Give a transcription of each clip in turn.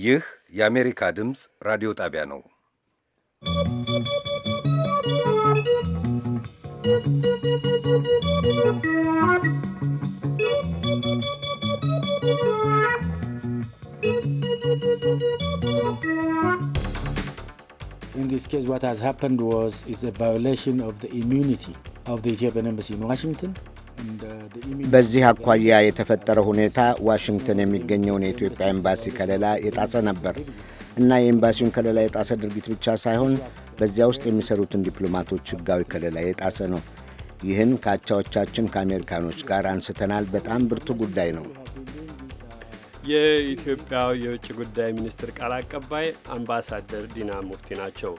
ይህ የአሜሪካ ድምፅ ራዲዮ ጣቢያ ነው። In this case, what has happened was it's a violation of the immunity of the Ethiopian embassy in Washington. በዚህ አኳያ የተፈጠረ ሁኔታ ዋሽንግተን የሚገኘውን የኢትዮጵያ ኤምባሲ ከለላ የጣሰ ነበር እና የኤምባሲውን ከለላ የጣሰ ድርጊት ብቻ ሳይሆን በዚያ ውስጥ የሚሰሩትን ዲፕሎማቶች ሕጋዊ ከለላ የጣሰ ነው። ይህን ከአቻዎቻችን ከአሜሪካኖች ጋር አንስተናል። በጣም ብርቱ ጉዳይ ነው። የኢትዮጵያ የውጭ ጉዳይ ሚኒስትር ቃል አቀባይ አምባሳደር ዲና ሙፍቲ ናቸው።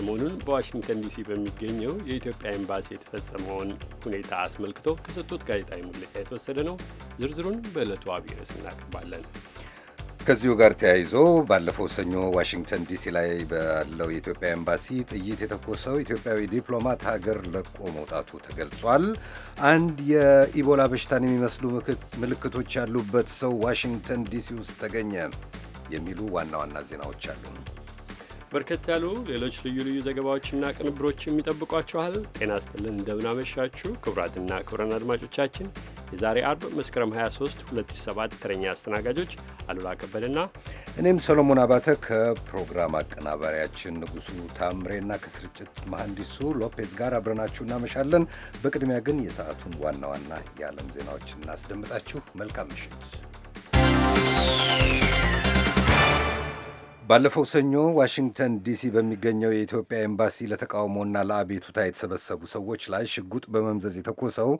ሰሞኑን በዋሽንግተን ዲሲ በሚገኘው የኢትዮጵያ ኤምባሲ የተፈጸመውን ሁኔታ አስመልክቶ ከሰጡት ጋዜጣዊ መግለጫ የተወሰደ ነው። ዝርዝሩን በዕለቱ አብይ ርዕስ እናቀርባለን። ከዚሁ ጋር ተያይዞ ባለፈው ሰኞ ዋሽንግተን ዲሲ ላይ ባለው የኢትዮጵያ ኤምባሲ ጥይት የተኮሰው ኢትዮጵያዊ ዲፕሎማት ሀገር ለቆ መውጣቱ ተገልጿል። አንድ የኢቦላ በሽታን የሚመስሉ ምልክቶች ያሉበት ሰው ዋሽንግተን ዲሲ ውስጥ ተገኘ የሚሉ ዋና ዋና ዜናዎች አሉ። በርከት ያሉ ሌሎች ልዩ ልዩ ዘገባዎችና ቅንብሮችም ይጠብቋችኋል። ጤና ስጥልን፣ እንደምናመሻችሁ ክቡራትና ክቡራን አድማጮቻችን የዛሬ አርብ መስከረም 23 2007 ተረኛ አስተናጋጆች አሉላ ከበደና እኔም ሰሎሞን አባተ ከፕሮግራም አቀናባሪያችን ንጉሱ ታምሬና ከስርጭት መሐንዲሱ ሎፔዝ ጋር አብረናችሁ እናመሻለን። በቅድሚያ ግን የሰዓቱን ዋና ዋና የዓለም ዜናዎች እናስደምጣችሁ። መልካም ምሽት። ባለፈው ሰኞ ዋሽንግተን ዲሲ በሚገኘው የኢትዮጵያ ኤምባሲ ለተቃውሞና ለአቤቱታ የተሰበሰቡ ሰዎች ላይ ሽጉጥ በመምዘዝ የተኮሰው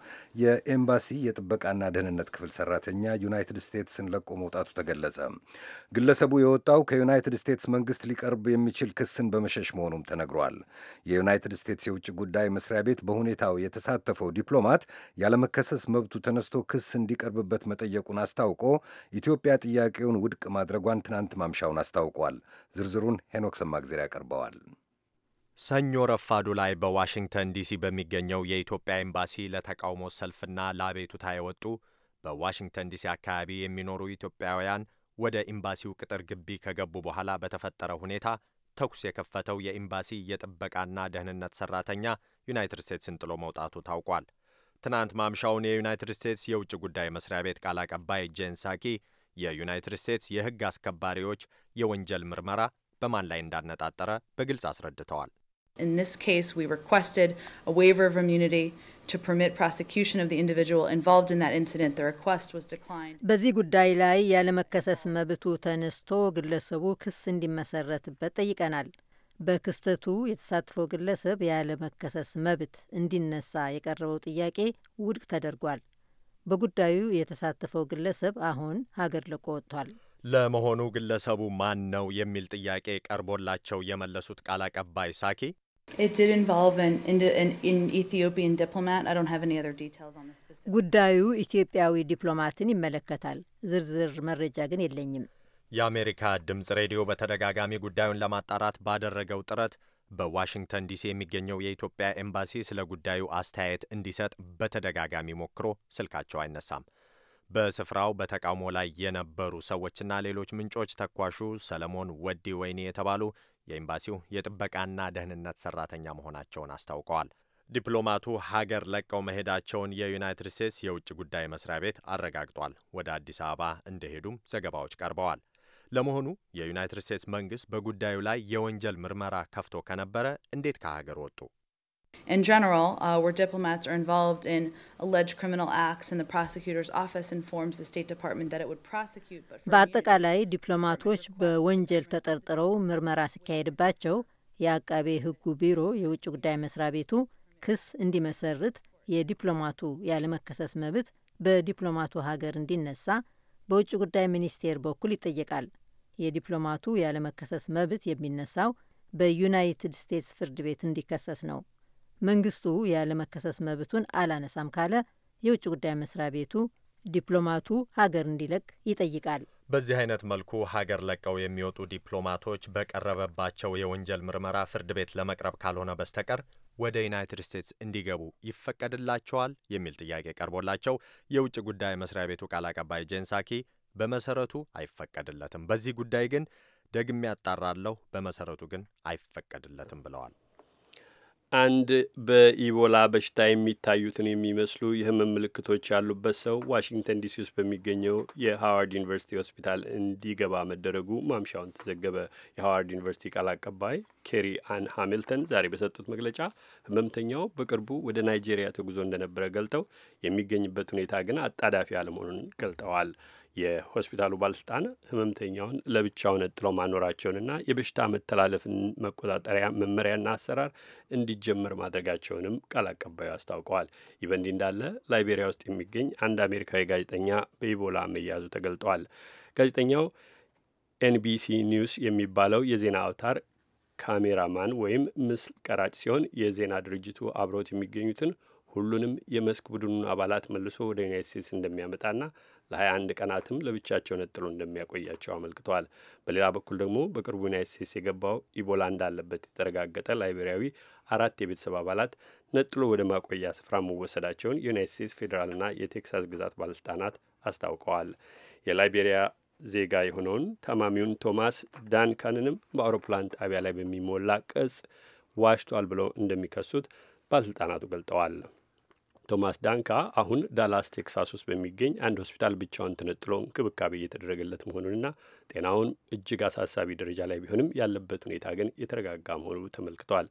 የኤምባሲ የጥበቃና ደህንነት ክፍል ሰራተኛ ዩናይትድ ስቴትስን ለቆ መውጣቱ ተገለጸ። ግለሰቡ የወጣው ከዩናይትድ ስቴትስ መንግስት ሊቀርብ የሚችል ክስን በመሸሽ መሆኑም ተነግሯል። የዩናይትድ ስቴትስ የውጭ ጉዳይ መስሪያ ቤት በሁኔታው የተሳተፈው ዲፕሎማት ያለመከሰስ መብቱ ተነስቶ ክስ እንዲቀርብበት መጠየቁን አስታውቆ ኢትዮጵያ ጥያቄውን ውድቅ ማድረጓን ትናንት ማምሻውን አስታውቋል። ዝርዝሩን ሄኖክ ሰማግዜር ያቀርበዋል። ሰኞ ረፋዱ ላይ በዋሽንግተን ዲሲ በሚገኘው የኢትዮጵያ ኤምባሲ ለተቃውሞ ሰልፍና ለአቤቱታ የወጡ በዋሽንግተን ዲሲ አካባቢ የሚኖሩ ኢትዮጵያውያን ወደ ኤምባሲው ቅጥር ግቢ ከገቡ በኋላ በተፈጠረ ሁኔታ ተኩስ የከፈተው የኤምባሲ የጥበቃና ደህንነት ሰራተኛ ዩናይትድ ስቴትስን ጥሎ መውጣቱ ታውቋል። ትናንት ማምሻውን የዩናይትድ ስቴትስ የውጭ ጉዳይ መስሪያ ቤት ቃል አቀባይ ጄን ሳኪ የዩናይትድ ስቴትስ የሕግ አስከባሪዎች የወንጀል ምርመራ በማን ላይ እንዳነጣጠረ በግልጽ አስረድተዋል። In this case, we requested a waiver of immunity to permit prosecution of the individual involved in that incident. The request was declined. በዚህ ጉዳይ ላይ ያለመከሰስ መብቱ ተነስቶ ግለሰቡ ክስ እንዲመሰረትበት ጠይቀናል። በክስተቱ የተሳተፈው ግለሰብ ያለመከሰስ መብት እንዲነሳ የቀረበው ጥያቄ ውድቅ ተደርጓል። በጉዳዩ የተሳተፈው ግለሰብ አሁን ሀገር ለቆ ወጥቷል። ለመሆኑ ግለሰቡ ማን ነው የሚል ጥያቄ ቀርቦላቸው የመለሱት ቃል አቀባይ ሳኪ ጉዳዩ ኢትዮጵያዊ ዲፕሎማትን ይመለከታል። ዝርዝር መረጃ ግን የለኝም። የአሜሪካ ድምፅ ሬዲዮ በተደጋጋሚ ጉዳዩን ለማጣራት ባደረገው ጥረት በዋሽንግተን ዲሲ የሚገኘው የኢትዮጵያ ኤምባሲ ስለ ጉዳዩ አስተያየት እንዲሰጥ በተደጋጋሚ ሞክሮ ስልካቸው አይነሳም። በስፍራው በተቃውሞ ላይ የነበሩ ሰዎችና ሌሎች ምንጮች ተኳሹ ሰለሞን ወዲ ወይኔ የተባሉ የኤምባሲው የጥበቃና ደህንነት ሰራተኛ መሆናቸውን አስታውቀዋል። ዲፕሎማቱ ሀገር ለቀው መሄዳቸውን የዩናይትድ ስቴትስ የውጭ ጉዳይ መስሪያ ቤት አረጋግጧል። ወደ አዲስ አበባ እንደሄዱም ዘገባዎች ቀርበዋል። ለመሆኑ የዩናይትድ ስቴትስ መንግስት በጉዳዩ ላይ የወንጀል ምርመራ ከፍቶ ከነበረ እንዴት ከሀገር ወጡ? In general, uh, where diplomats are involved in alleged criminal acts and the prosecutor's office informs the State Department that it would prosecute. But በአጠቃላይ ዲፕሎማቶች በወንጀል ተጠርጥረው ምርመራ ሲካሄድባቸው የአቃቤ ሕጉ ቢሮ የውጭ ጉዳይ መስሪያ ቤቱ ክስ እንዲመሰርት፣ የዲፕሎማቱ ያለመከሰስ መብት በዲፕሎማቱ ሀገር እንዲነሳ በውጭ ጉዳይ ሚኒስቴር በኩል ይጠየቃል። የዲፕሎማቱ ያለመከሰስ መብት የሚነሳው በዩናይትድ ስቴትስ ፍርድ ቤት እንዲከሰስ ነው። መንግስቱ ያለመከሰስ መብቱን አላነሳም ካለ የውጭ ጉዳይ መስሪያ ቤቱ ዲፕሎማቱ ሀገር እንዲለቅ ይጠይቃል። በዚህ አይነት መልኩ ሀገር ለቀው የሚወጡ ዲፕሎማቶች በቀረበባቸው የወንጀል ምርመራ ፍርድ ቤት ለመቅረብ ካልሆነ በስተቀር ወደ ዩናይትድ ስቴትስ እንዲገቡ ይፈቀድላቸዋል የሚል ጥያቄ ቀርቦላቸው የውጭ ጉዳይ መስሪያ ቤቱ ቃል አቀባይ ጄን ሳኪ በመሰረቱ አይፈቀድለትም። በዚህ ጉዳይ ግን ደግሜ ያጣራለሁ፣ በመሰረቱ ግን አይፈቀድለትም ብለዋል። አንድ በኢቦላ በሽታ የሚታዩትን የሚመስሉ የህመም ምልክቶች ያሉበት ሰው ዋሽንግተን ዲሲ ውስጥ በሚገኘው የሃዋርድ ዩኒቨርሲቲ ሆስፒታል እንዲገባ መደረጉ ማምሻውን ተዘገበ። የሃዋርድ ዩኒቨርሲቲ ቃል አቀባይ ኬሪ አን ሃሚልተን ዛሬ በሰጡት መግለጫ ህመምተኛው በቅርቡ ወደ ናይጄሪያ ተጉዞ እንደነበረ ገልጠው የሚገኝበት ሁኔታ ግን አጣዳፊ አለመሆኑን ገልጠዋል። የሆስፒታሉ ባለስልጣን ህመምተኛውን ለብቻው ነጥለው ማኖራቸውንና የበሽታ መተላለፍን መቆጣጠሪያ መመሪያና አሰራር እንዲጀመር ማድረጋቸውንም ቃል አቀባዩ አስታውቀዋል። ይህ በእንዲህ እንዳለ ላይቤሪያ ውስጥ የሚገኝ አንድ አሜሪካዊ ጋዜጠኛ በኢቦላ መያዙ ተገልጧል። ጋዜጠኛው ኤንቢሲ ኒውስ የሚባለው የዜና አውታር ካሜራማን ወይም ምስል ቀራጭ ሲሆን የዜና ድርጅቱ አብረውት የሚገኙትን ሁሉንም የመስክ ቡድኑን አባላት መልሶ ወደ ዩናይት ስቴትስ እንደሚያመጣና ለ21 ቀናትም ለብቻቸው ነጥሎ እንደሚያቆያቸው አመልክተዋል። በሌላ በኩል ደግሞ በቅርቡ ዩናይት ስቴትስ የገባው ኢቦላ እንዳለበት የተረጋገጠ ላይቤሪያዊ አራት የቤተሰብ አባላት ነጥሎ ወደ ማቆያ ስፍራ መወሰዳቸውን የዩናይት ስቴትስ ፌዴራልና የቴክሳስ ግዛት ባለስልጣናት አስታውቀዋል። የላይቤሪያ ዜጋ የሆነውን ታማሚውን ቶማስ ዳንካንንም በአውሮፕላን ጣቢያ ላይ በሚሞላ ቅጽ ዋሽቷል ብለው እንደሚከሱት ባለስልጣናቱ ገልጠዋል። ቶማስ ዳንካ አሁን ዳላስ ቴክሳስ ውስጥ በሚገኝ አንድ ሆስፒታል ብቻውን ተነጥሎ እንክብካቤ እየተደረገለት መሆኑንና ጤናውን እጅግ አሳሳቢ ደረጃ ላይ ቢሆንም ያለበት ሁኔታ ግን የተረጋጋ መሆኑ ተመልክቷል።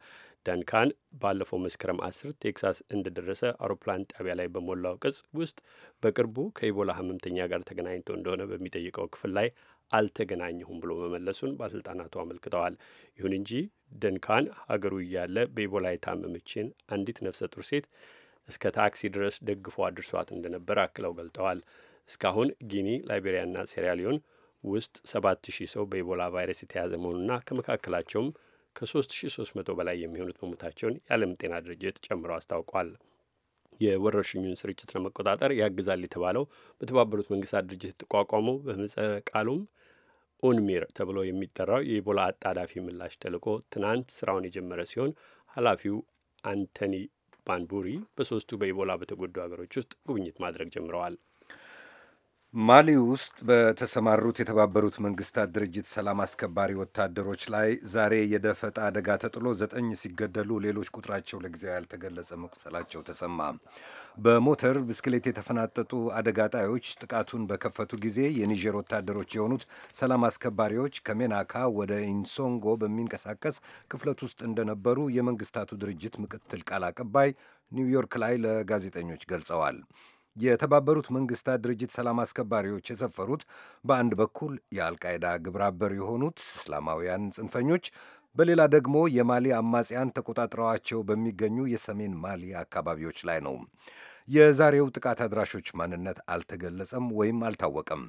ዳንካን ባለፈው መስከረም አስር ቴክሳስ እንደደረሰ አውሮፕላን ጣቢያ ላይ በሞላው ቅጽ ውስጥ በቅርቡ ከኢቦላ ህመምተኛ ጋር ተገናኝቶ እንደሆነ በሚጠይቀው ክፍል ላይ አልተገናኘሁም ብሎ መመለሱን ባለስልጣናቱ አመልክተዋል። ይሁን እንጂ ደንካን ሀገሩ እያለ በኢቦላ የታመመችን አንዲት ነፍሰ ጡር ሴት እስከ ታክሲ ድረስ ደግፎ አድርሷት እንደነበር አክለው ገልጠዋል። እስካሁን ጊኒ፣ ላይቤሪያና ሴራሊዮን ውስጥ 7000 ሰው በኢቦላ ቫይረስ የተያዘ መሆኑና ከመካከላቸውም ከ3300 በላይ የሚሆኑት መሞታቸውን የዓለም ጤና ድርጅት ጨምሮ አስታውቋል። የወረርሽኙን ስርጭት ለመቆጣጠር ያግዛል የተባለው በተባበሩት መንግስታት ድርጅት የተቋቋመው በምህጻረ ቃሉም ኡንሚር ተብሎ የሚጠራው የኢቦላ አጣዳፊ ምላሽ ተልቆ ትናንት ስራውን የጀመረ ሲሆን ኃላፊው አንቶኒ ባንቡሪ በሶስቱ በኢቦላ በተጎዱ ሀገሮች ውስጥ ጉብኝት ማድረግ ጀምረዋል። ማሊ ውስጥ በተሰማሩት የተባበሩት መንግስታት ድርጅት ሰላም አስከባሪ ወታደሮች ላይ ዛሬ የደፈጣ አደጋ ተጥሎ ዘጠኝ ሲገደሉ ሌሎች ቁጥራቸው ለጊዜው ያልተገለጸ መቁሰላቸው ተሰማ። በሞተር ብስክሌት የተፈናጠጡ አደጋ ጣዮች ጥቃቱን በከፈቱ ጊዜ የኒጀር ወታደሮች የሆኑት ሰላም አስከባሪዎች ከሜናካ ወደ ኢንሶንጎ በሚንቀሳቀስ ክፍለት ውስጥ እንደነበሩ የመንግስታቱ ድርጅት ምክትል ቃል አቀባይ ኒውዮርክ ላይ ለጋዜጠኞች ገልጸዋል። የተባበሩት መንግስታት ድርጅት ሰላም አስከባሪዎች የሰፈሩት በአንድ በኩል የአልቃይዳ ግብረአበር የሆኑት እስላማውያን ጽንፈኞች በሌላ ደግሞ የማሊ አማጽያን ተቆጣጥረዋቸው በሚገኙ የሰሜን ማሊ አካባቢዎች ላይ ነው። የዛሬው ጥቃት አድራሾች ማንነት አልተገለጸም ወይም አልታወቀም።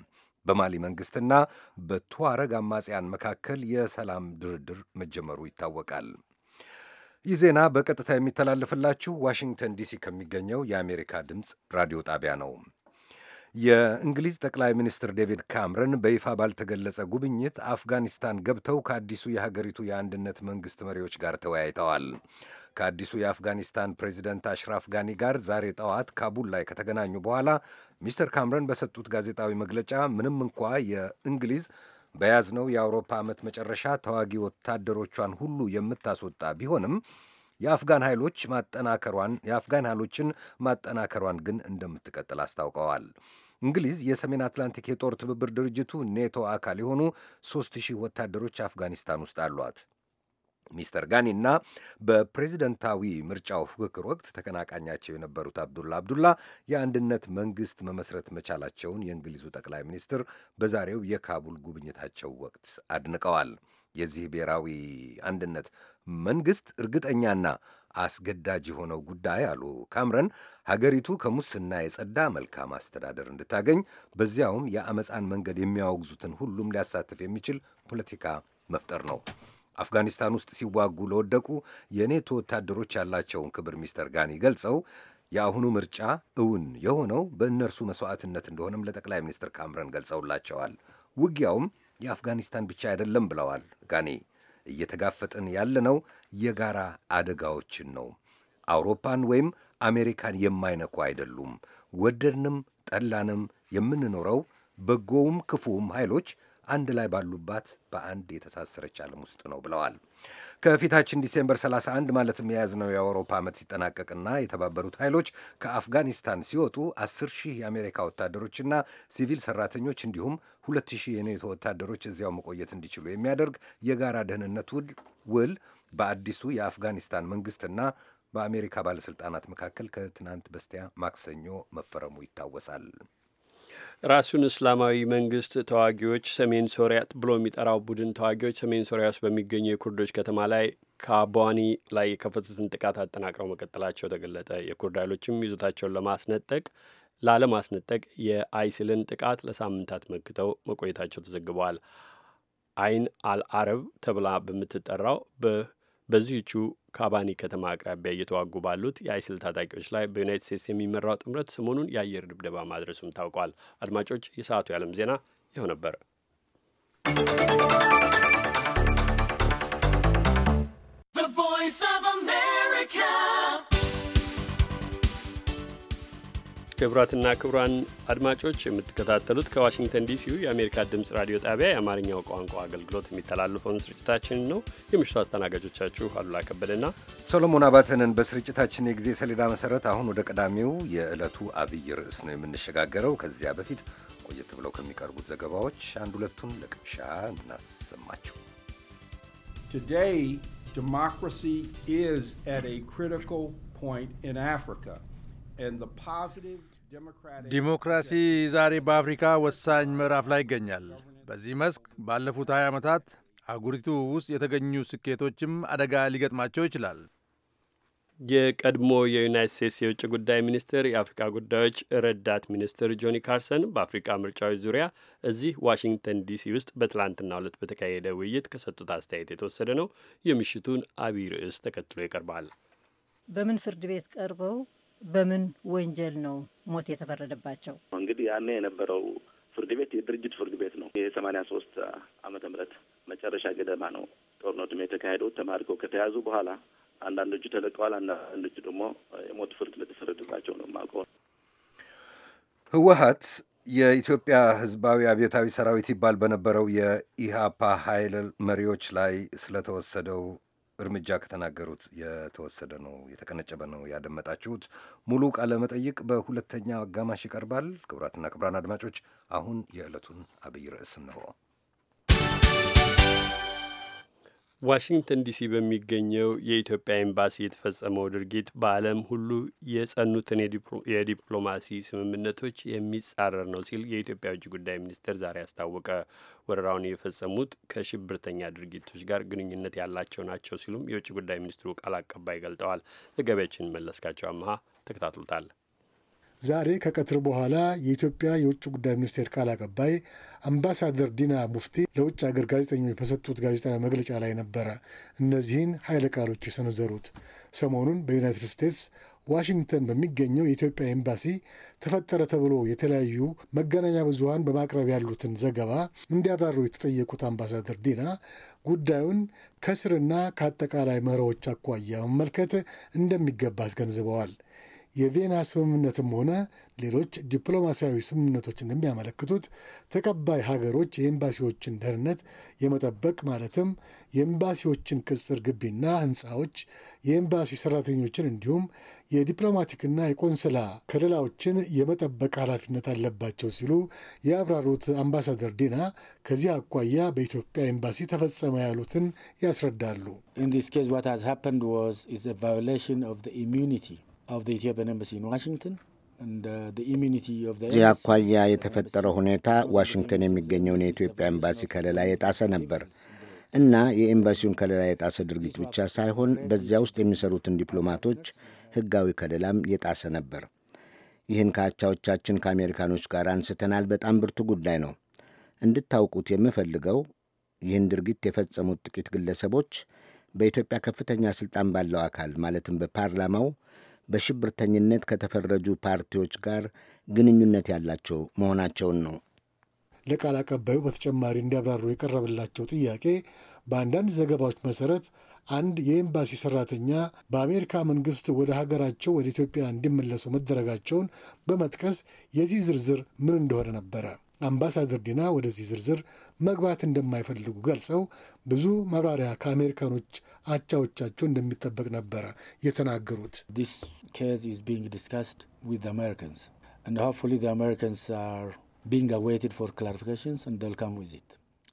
በማሊ መንግስትና በቱዋረግ አማጽያን መካከል የሰላም ድርድር መጀመሩ ይታወቃል። ይህ ዜና በቀጥታ የሚተላለፍላችሁ ዋሽንግተን ዲሲ ከሚገኘው የአሜሪካ ድምፅ ራዲዮ ጣቢያ ነው። የእንግሊዝ ጠቅላይ ሚኒስትር ዴቪድ ካምረን በይፋ ባልተገለጸ ጉብኝት አፍጋኒስታን ገብተው ከአዲሱ የሀገሪቱ የአንድነት መንግስት መሪዎች ጋር ተወያይተዋል። ከአዲሱ የአፍጋኒስታን ፕሬዚደንት አሽራፍ ጋኒ ጋር ዛሬ ጠዋት ካቡል ላይ ከተገናኙ በኋላ ሚስተር ካምረን በሰጡት ጋዜጣዊ መግለጫ ምንም እንኳ የእንግሊዝ በያዝነው የአውሮፓ ዓመት መጨረሻ ተዋጊ ወታደሮቿን ሁሉ የምታስወጣ ቢሆንም የአፍጋን ኃይሎች ማጠናከሯን የአፍጋን ኃይሎችን ማጠናከሯን ግን እንደምትቀጥል አስታውቀዋል። እንግሊዝ የሰሜን አትላንቲክ የጦር ትብብር ድርጅቱ ኔቶ አካል የሆኑ ሦስት ሺህ ወታደሮች አፍጋኒስታን ውስጥ አሏት። ሚስተር ጋኒና በፕሬዚደንታዊ ምርጫው ፉክክር ወቅት ተቀናቃኛቸው የነበሩት አብዱላ አብዱላ የአንድነት መንግስት መመስረት መቻላቸውን የእንግሊዙ ጠቅላይ ሚኒስትር በዛሬው የካቡል ጉብኝታቸው ወቅት አድንቀዋል። የዚህ ብሔራዊ አንድነት መንግስት እርግጠኛና አስገዳጅ የሆነው ጉዳይ አሉ ካምረን፣ ሀገሪቱ ከሙስና የጸዳ መልካም አስተዳደር እንድታገኝ በዚያውም የአመፃን መንገድ የሚያወግዙትን ሁሉም ሊያሳትፍ የሚችል ፖለቲካ መፍጠር ነው። አፍጋኒስታን ውስጥ ሲዋጉ ለወደቁ የኔቶ ወታደሮች ያላቸውን ክብር ሚስተር ጋኒ ገልጸው የአሁኑ ምርጫ እውን የሆነው በእነርሱ መስዋዕትነት እንደሆነም ለጠቅላይ ሚኒስትር ካምረን ገልጸውላቸዋል። ውጊያውም የአፍጋኒስታን ብቻ አይደለም ብለዋል ጋኒ። እየተጋፈጥን ያለነው የጋራ አደጋዎችን ነው። አውሮፓን ወይም አሜሪካን የማይነኩ አይደሉም። ወደድንም ጠላንም የምንኖረው በጎውም ክፉውም ኃይሎች አንድ ላይ ባሉባት በአንድ የተሳሰረች ዓለም ውስጥ ነው ብለዋል። ከፊታችን ዲሴምበር 31 ማለትም የያዝነው የአውሮፓ ዓመት ሲጠናቀቅና የተባበሩት ኃይሎች ከአፍጋኒስታን ሲወጡ 10 ሺህ የአሜሪካ ወታደሮችና ሲቪል ሰራተኞች እንዲሁም 2 ሺህ የኔቶ ወታደሮች እዚያው መቆየት እንዲችሉ የሚያደርግ የጋራ ደህንነት ውል በአዲሱ የአፍጋኒስታን መንግስትና በአሜሪካ ባለሥልጣናት መካከል ከትናንት በስቲያ ማክሰኞ መፈረሙ ይታወሳል። ራሱን እስላማዊ መንግስት ተዋጊዎች ሰሜን ሶሪያ ብሎ የሚጠራው ቡድን ተዋጊዎች ሰሜን ሶሪያ ውስጥ በሚገኙ የኩርዶች ከተማ ላይ ከአቧኒ ላይ የከፈቱትን ጥቃት አጠናቅረው መቀጠላቸው ተገለጠ። የኩርድ ኃይሎችም ይዞታቸውን ለማስነጠቅ ላለማስነጠቅ የአይሲልን ጥቃት ለሳምንታት መክተው መቆየታቸው ተዘግበዋል። አይን አልአረብ ተብላ በምትጠራው በ በዚህቹ ካባኒ ከተማ አቅራቢያ እየተዋጉ ባሉት የአይስል ታጣቂዎች ላይ በዩናይት ስቴትስ የሚመራው ጥምረት ሰሞኑን የአየር ድብደባ ማድረሱም ታውቋል። አድማጮች፣ የሰዓቱ የዓለም ዜና ይኸው ነበር። ክቡራትና ክቡራን አድማጮች የምትከታተሉት ከዋሽንግተን ዲሲው የአሜሪካ ድምፅ ራዲዮ ጣቢያ የአማርኛው ቋንቋ አገልግሎት የሚተላለፈውን ስርጭታችንን ነው። የምሽቱ አስተናጋጆቻችሁ አሉላ ከበደና ሰሎሞን አባተንን። በስርጭታችን የጊዜ ሰሌዳ መሰረት አሁን ወደ ቀዳሚው የዕለቱ አብይ ርዕስ ነው የምንሸጋገረው። ከዚያ በፊት ቆየት ብለው ከሚቀርቡት ዘገባዎች አንድ ሁለቱን ለቅምሻ እናሰማችሁ። ቱዴይ ዲሞክራሲ ኢዝ አት ኤ ክሪቲካል ፖይንት ኢን አፍሪካ and the positive ዲሞክራሲ ዛሬ በአፍሪካ ወሳኝ ምዕራፍ ላይ ይገኛል። በዚህ መስክ ባለፉት 20 ዓመታት አህጉሪቱ ውስጥ የተገኙ ስኬቶችም አደጋ ሊገጥማቸው ይችላል። የቀድሞ የዩናይት ስቴትስ የውጭ ጉዳይ ሚኒስትር የአፍሪካ ጉዳዮች ረዳት ሚኒስትር ጆኒ ካርሰን በአፍሪካ ምርጫዎች ዙሪያ እዚህ ዋሽንግተን ዲሲ ውስጥ በትላንትናው ዕለት በተካሄደ ውይይት ከሰጡት አስተያየት የተወሰደ ነው። የምሽቱን አቢ ርዕስ ተከትሎ ይቀርባል። በምን ፍርድ ቤት ቀርበው በምን ወንጀል ነው ሞት የተፈረደባቸው? እንግዲህ ያኔ የነበረው ፍርድ ቤት የድርጅት ፍርድ ቤት ነው። የሰማንያ ሶስት አመተ ምህረት መጨረሻ ገደማ ነው ጦርነቱም የተካሄደው። ተማርከው ከተያዙ በኋላ አንዳንዶቹ ተለቀዋል። አንዳንዶቹ ደግሞ የሞት ፍርድ ለተፈረደባቸው ነው የማውቀው። ህወሀት የኢትዮጵያ ህዝባዊ አብዮታዊ ሰራዊት ይባል በነበረው የኢህአፓ ኃይል መሪዎች ላይ ስለተወሰደው እርምጃ ከተናገሩት የተወሰደ ነው የተቀነጨበ ነው ያደመጣችሁት። ሙሉ ቃለ መጠይቅ በሁለተኛ አጋማሽ ይቀርባል። ክቡራትና ክቡራን አድማጮች አሁን የዕለቱን አብይ ርዕስ እንሆ ዋሽንግተን ዲሲ በሚገኘው የኢትዮጵያ ኤምባሲ የተፈጸመው ድርጊት በዓለም ሁሉ የጸኑትን የዲፕሎማሲ ስምምነቶች የሚጻረር ነው ሲል የኢትዮጵያ ውጭ ጉዳይ ሚኒስቴር ዛሬ አስታወቀ። ወረራውን የፈጸሙት ከሽብርተኛ ድርጊቶች ጋር ግንኙነት ያላቸው ናቸው ሲሉም የውጭ ጉዳይ ሚኒስትሩ ቃል አቀባይ ገልጠዋል። ዘጋቢያችን መለስካቸው አመሀ ተከታትሎታል። ዛሬ ከቀትር በኋላ የኢትዮጵያ የውጭ ጉዳይ ሚኒስቴር ቃል አቀባይ አምባሳደር ዲና ሙፍቲ ለውጭ ሀገር ጋዜጠኞች በሰጡት ጋዜጣዊ መግለጫ ላይ ነበረ እነዚህን ኃይለ ቃሎች የሰነዘሩት። ሰሞኑን በዩናይትድ ስቴትስ ዋሽንግተን በሚገኘው የኢትዮጵያ ኤምባሲ ተፈጠረ ተብሎ የተለያዩ መገናኛ ብዙሃን በማቅረብ ያሉትን ዘገባ እንዲያብራሩ የተጠየቁት አምባሳደር ዲና ጉዳዩን ከስርና ከአጠቃላይ መርሆች አኳያ መመልከት እንደሚገባ አስገንዝበዋል። የቬና ስምምነትም ሆነ ሌሎች ዲፕሎማሲያዊ ስምምነቶች እንደሚያመለክቱት ተቀባይ ሀገሮች የኤምባሲዎችን ደህንነት የመጠበቅ ማለትም የኤምባሲዎችን ቅጽር ግቢና ህንፃዎች የኤምባሲ ሰራተኞችን እንዲሁም የዲፕሎማቲክና የቆንስላ ከለላዎችን የመጠበቅ ኃላፊነት አለባቸው ሲሉ የአብራሩት አምባሳደር ዲና ከዚህ አኳያ በኢትዮጵያ ኤምባሲ ተፈጸመ ያሉትን ያስረዳሉ። Uh, እዚህ አኳያ የተፈጠረው ሁኔታ ዋሽንግተን የሚገኘውን የኢትዮጵያ ኤምባሲ ከለላ የጣሰ ነበር እና የኤምባሲውን ከለላ የጣሰ ድርጊት ብቻ ሳይሆን በዚያ ውስጥ የሚሰሩትን ዲፕሎማቶች ሕጋዊ ከለላም የጣሰ ነበር። ይህን ከአቻዎቻችን ከአሜሪካኖች ጋር አንስተናል። በጣም ብርቱ ጉዳይ ነው። እንድታውቁት የምፈልገው ይህን ድርጊት የፈጸሙት ጥቂት ግለሰቦች በኢትዮጵያ ከፍተኛ ስልጣን ባለው አካል ማለትም በፓርላማው በሽብርተኝነት ከተፈረጁ ፓርቲዎች ጋር ግንኙነት ያላቸው መሆናቸውን ነው። ለቃል አቀባዩ በተጨማሪ እንዲያብራሩ የቀረበላቸው ጥያቄ በአንዳንድ ዘገባዎች መሰረት አንድ የኤምባሲ ሰራተኛ በአሜሪካ መንግስት ወደ ሀገራቸው ወደ ኢትዮጵያ እንዲመለሱ መደረጋቸውን በመጥቀስ የዚህ ዝርዝር ምን እንደሆነ ነበረ። አምባሳደር ዲና ወደዚህ ዝርዝር መግባት እንደማይፈልጉ ገልጸው ብዙ ማብራሪያ ከአሜሪካኖች አቻዎቻቸው እንደሚጠበቅ ነበረ የተናገሩት።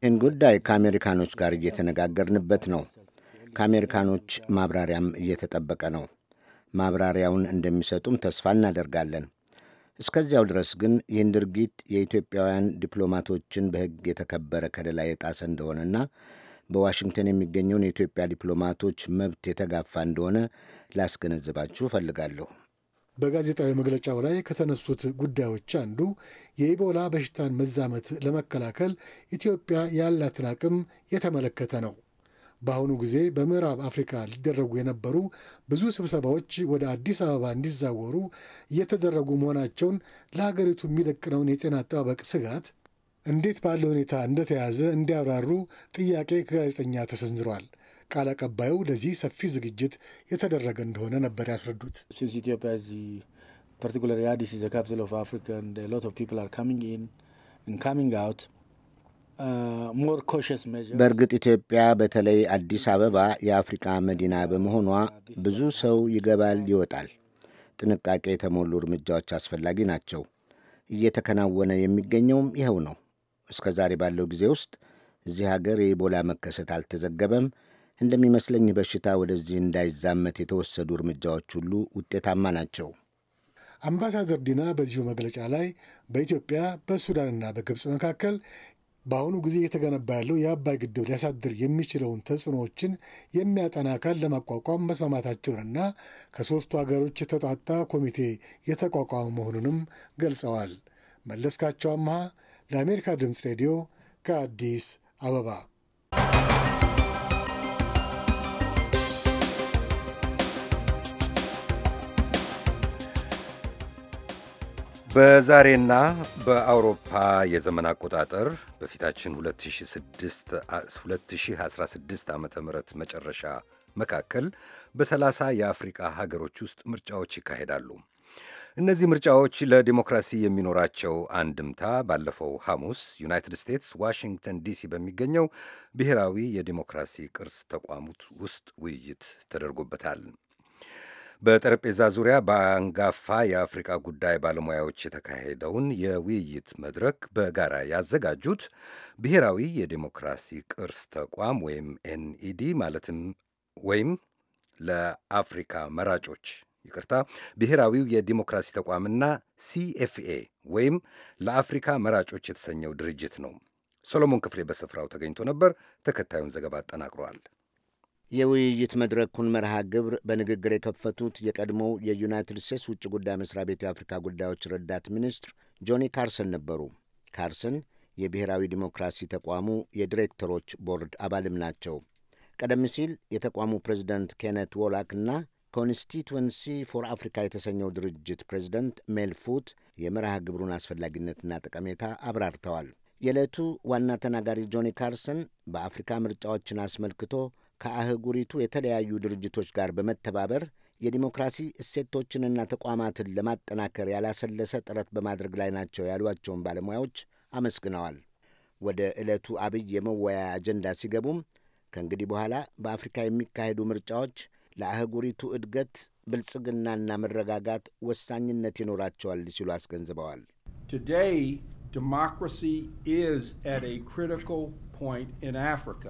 ይህን ጉዳይ ከአሜሪካኖች ጋር እየተነጋገርንበት ነው። ከአሜሪካኖች ማብራሪያም እየተጠበቀ ነው። ማብራሪያውን እንደሚሰጡም ተስፋ እናደርጋለን። እስከዚያው ድረስ ግን ይህን ድርጊት የኢትዮጵያውያን ዲፕሎማቶችን በሕግ የተከበረ ከለላ የጣሰ እንደሆነና በዋሽንግተን የሚገኘውን የኢትዮጵያ ዲፕሎማቶች መብት የተጋፋ እንደሆነ ላስገነዝባችሁ እፈልጋለሁ። በጋዜጣዊ መግለጫው ላይ ከተነሱት ጉዳዮች አንዱ የኢቦላ በሽታን መዛመት ለመከላከል ኢትዮጵያ ያላትን አቅም የተመለከተ ነው። በአሁኑ ጊዜ በምዕራብ አፍሪካ ሊደረጉ የነበሩ ብዙ ስብሰባዎች ወደ አዲስ አበባ እንዲዛወሩ እየተደረጉ መሆናቸውን ለሀገሪቱ የሚደቅነውን የጤና አጠባበቅ ስጋት እንዴት ባለ ሁኔታ እንደተያዘ እንዲያብራሩ ጥያቄ ከጋዜጠኛ ተሰንዝሯል። ቃል አቀባዩ ለዚህ ሰፊ ዝግጅት የተደረገ እንደሆነ ነበር ያስረዱት። ኢትዮጵያ ፓርቲኩላር አዲስ ዘ ካፒታል ኦፍ አፍሪካ ሎት ኦፍ ፒፕል አር ካሚንግ ኢን ካሚንግ አውት Uh, በእርግጥ ኢትዮጵያ በተለይ አዲስ አበባ የአፍሪካ መዲና በመሆኗ uh, ብዙ ሰው ይገባል፣ ይወጣል። ጥንቃቄ የተሞሉ እርምጃዎች አስፈላጊ ናቸው። እየተከናወነ የሚገኘውም ይኸው ነው። እስከ ዛሬ ባለው ጊዜ ውስጥ እዚህ ሀገር የኢቦላ መከሰት አልተዘገበም። እንደሚመስለኝ በሽታ ወደዚህ እንዳይዛመት የተወሰዱ እርምጃዎች ሁሉ ውጤታማ ናቸው። አምባሳደር ዲና በዚሁ መግለጫ ላይ በኢትዮጵያ በሱዳንና በግብፅ መካከል በአሁኑ ጊዜ እየተገነባ ያለው የአባይ ግድብ ሊያሳድር የሚችለውን ተጽዕኖዎችን የሚያጠና አካል ለማቋቋም መስማማታቸውንና ከሦስቱ አገሮች የተጣጣ ኮሚቴ የተቋቋመ መሆኑንም ገልጸዋል። መለስካቸው አምሃ ለአሜሪካ ድምፅ ሬዲዮ ከአዲስ አበባ በዛሬና በአውሮፓ የዘመን አቆጣጠር በፊታችን 2016 ዓ ም መጨረሻ መካከል በ30 የአፍሪቃ ሀገሮች ውስጥ ምርጫዎች ይካሄዳሉ። እነዚህ ምርጫዎች ለዲሞክራሲ የሚኖራቸው አንድምታ ባለፈው ሐሙስ ዩናይትድ ስቴትስ ዋሽንግተን ዲሲ በሚገኘው ብሔራዊ የዲሞክራሲ ቅርስ ተቋሙት ውስጥ ውይይት ተደርጎበታል። በጠረጴዛ ዙሪያ በአንጋፋ የአፍሪካ ጉዳይ ባለሙያዎች የተካሄደውን የውይይት መድረክ በጋራ ያዘጋጁት ብሔራዊ የዴሞክራሲ ቅርስ ተቋም ወይም ኤንኢዲ ማለትም ወይም ለአፍሪካ መራጮች ይቅርታ፣ ብሔራዊው የዲሞክራሲ ተቋምና ሲኤፍኤ ወይም ለአፍሪካ መራጮች የተሰኘው ድርጅት ነው። ሰሎሞን ክፍሌ በስፍራው ተገኝቶ ነበር። ተከታዩን ዘገባ አጠናቅሯል። የውይይት መድረኩን መርሃ ግብር በንግግር የከፈቱት የቀድሞው የዩናይትድ ስቴትስ ውጭ ጉዳይ መስሪያ ቤት የአፍሪካ ጉዳዮች ረዳት ሚኒስትር ጆኒ ካርሰን ነበሩ። ካርሰን የብሔራዊ ዲሞክራሲ ተቋሙ የዲሬክተሮች ቦርድ አባልም ናቸው። ቀደም ሲል የተቋሙ ፕሬዚደንት ኬነት ዎላክ እና ኮንስቲትዌንሲ ፎር አፍሪካ የተሰኘው ድርጅት ፕሬዚደንት ሜልፉት የመርሃ ግብሩን አስፈላጊነትና ጠቀሜታ አብራርተዋል። የዕለቱ ዋና ተናጋሪ ጆኒ ካርሰን በአፍሪካ ምርጫዎችን አስመልክቶ ከአህጉሪቱ የተለያዩ ድርጅቶች ጋር በመተባበር የዲሞክራሲ እሴቶችንና ተቋማትን ለማጠናከር ያላሰለሰ ጥረት በማድረግ ላይ ናቸው ያሏቸውን ባለሙያዎች አመስግነዋል። ወደ ዕለቱ አብይ የመወያያ አጀንዳ ሲገቡም ከእንግዲህ በኋላ በአፍሪካ የሚካሄዱ ምርጫዎች ለአህጉሪቱ እድገት ብልጽግናና መረጋጋት ወሳኝነት ይኖራቸዋል ሲሉ አስገንዝበዋል። ቱዴይ ዲሞክራሲ ኢዝ አት ኤ ክሪቲካል ፖይንት ኢን አፍሪካ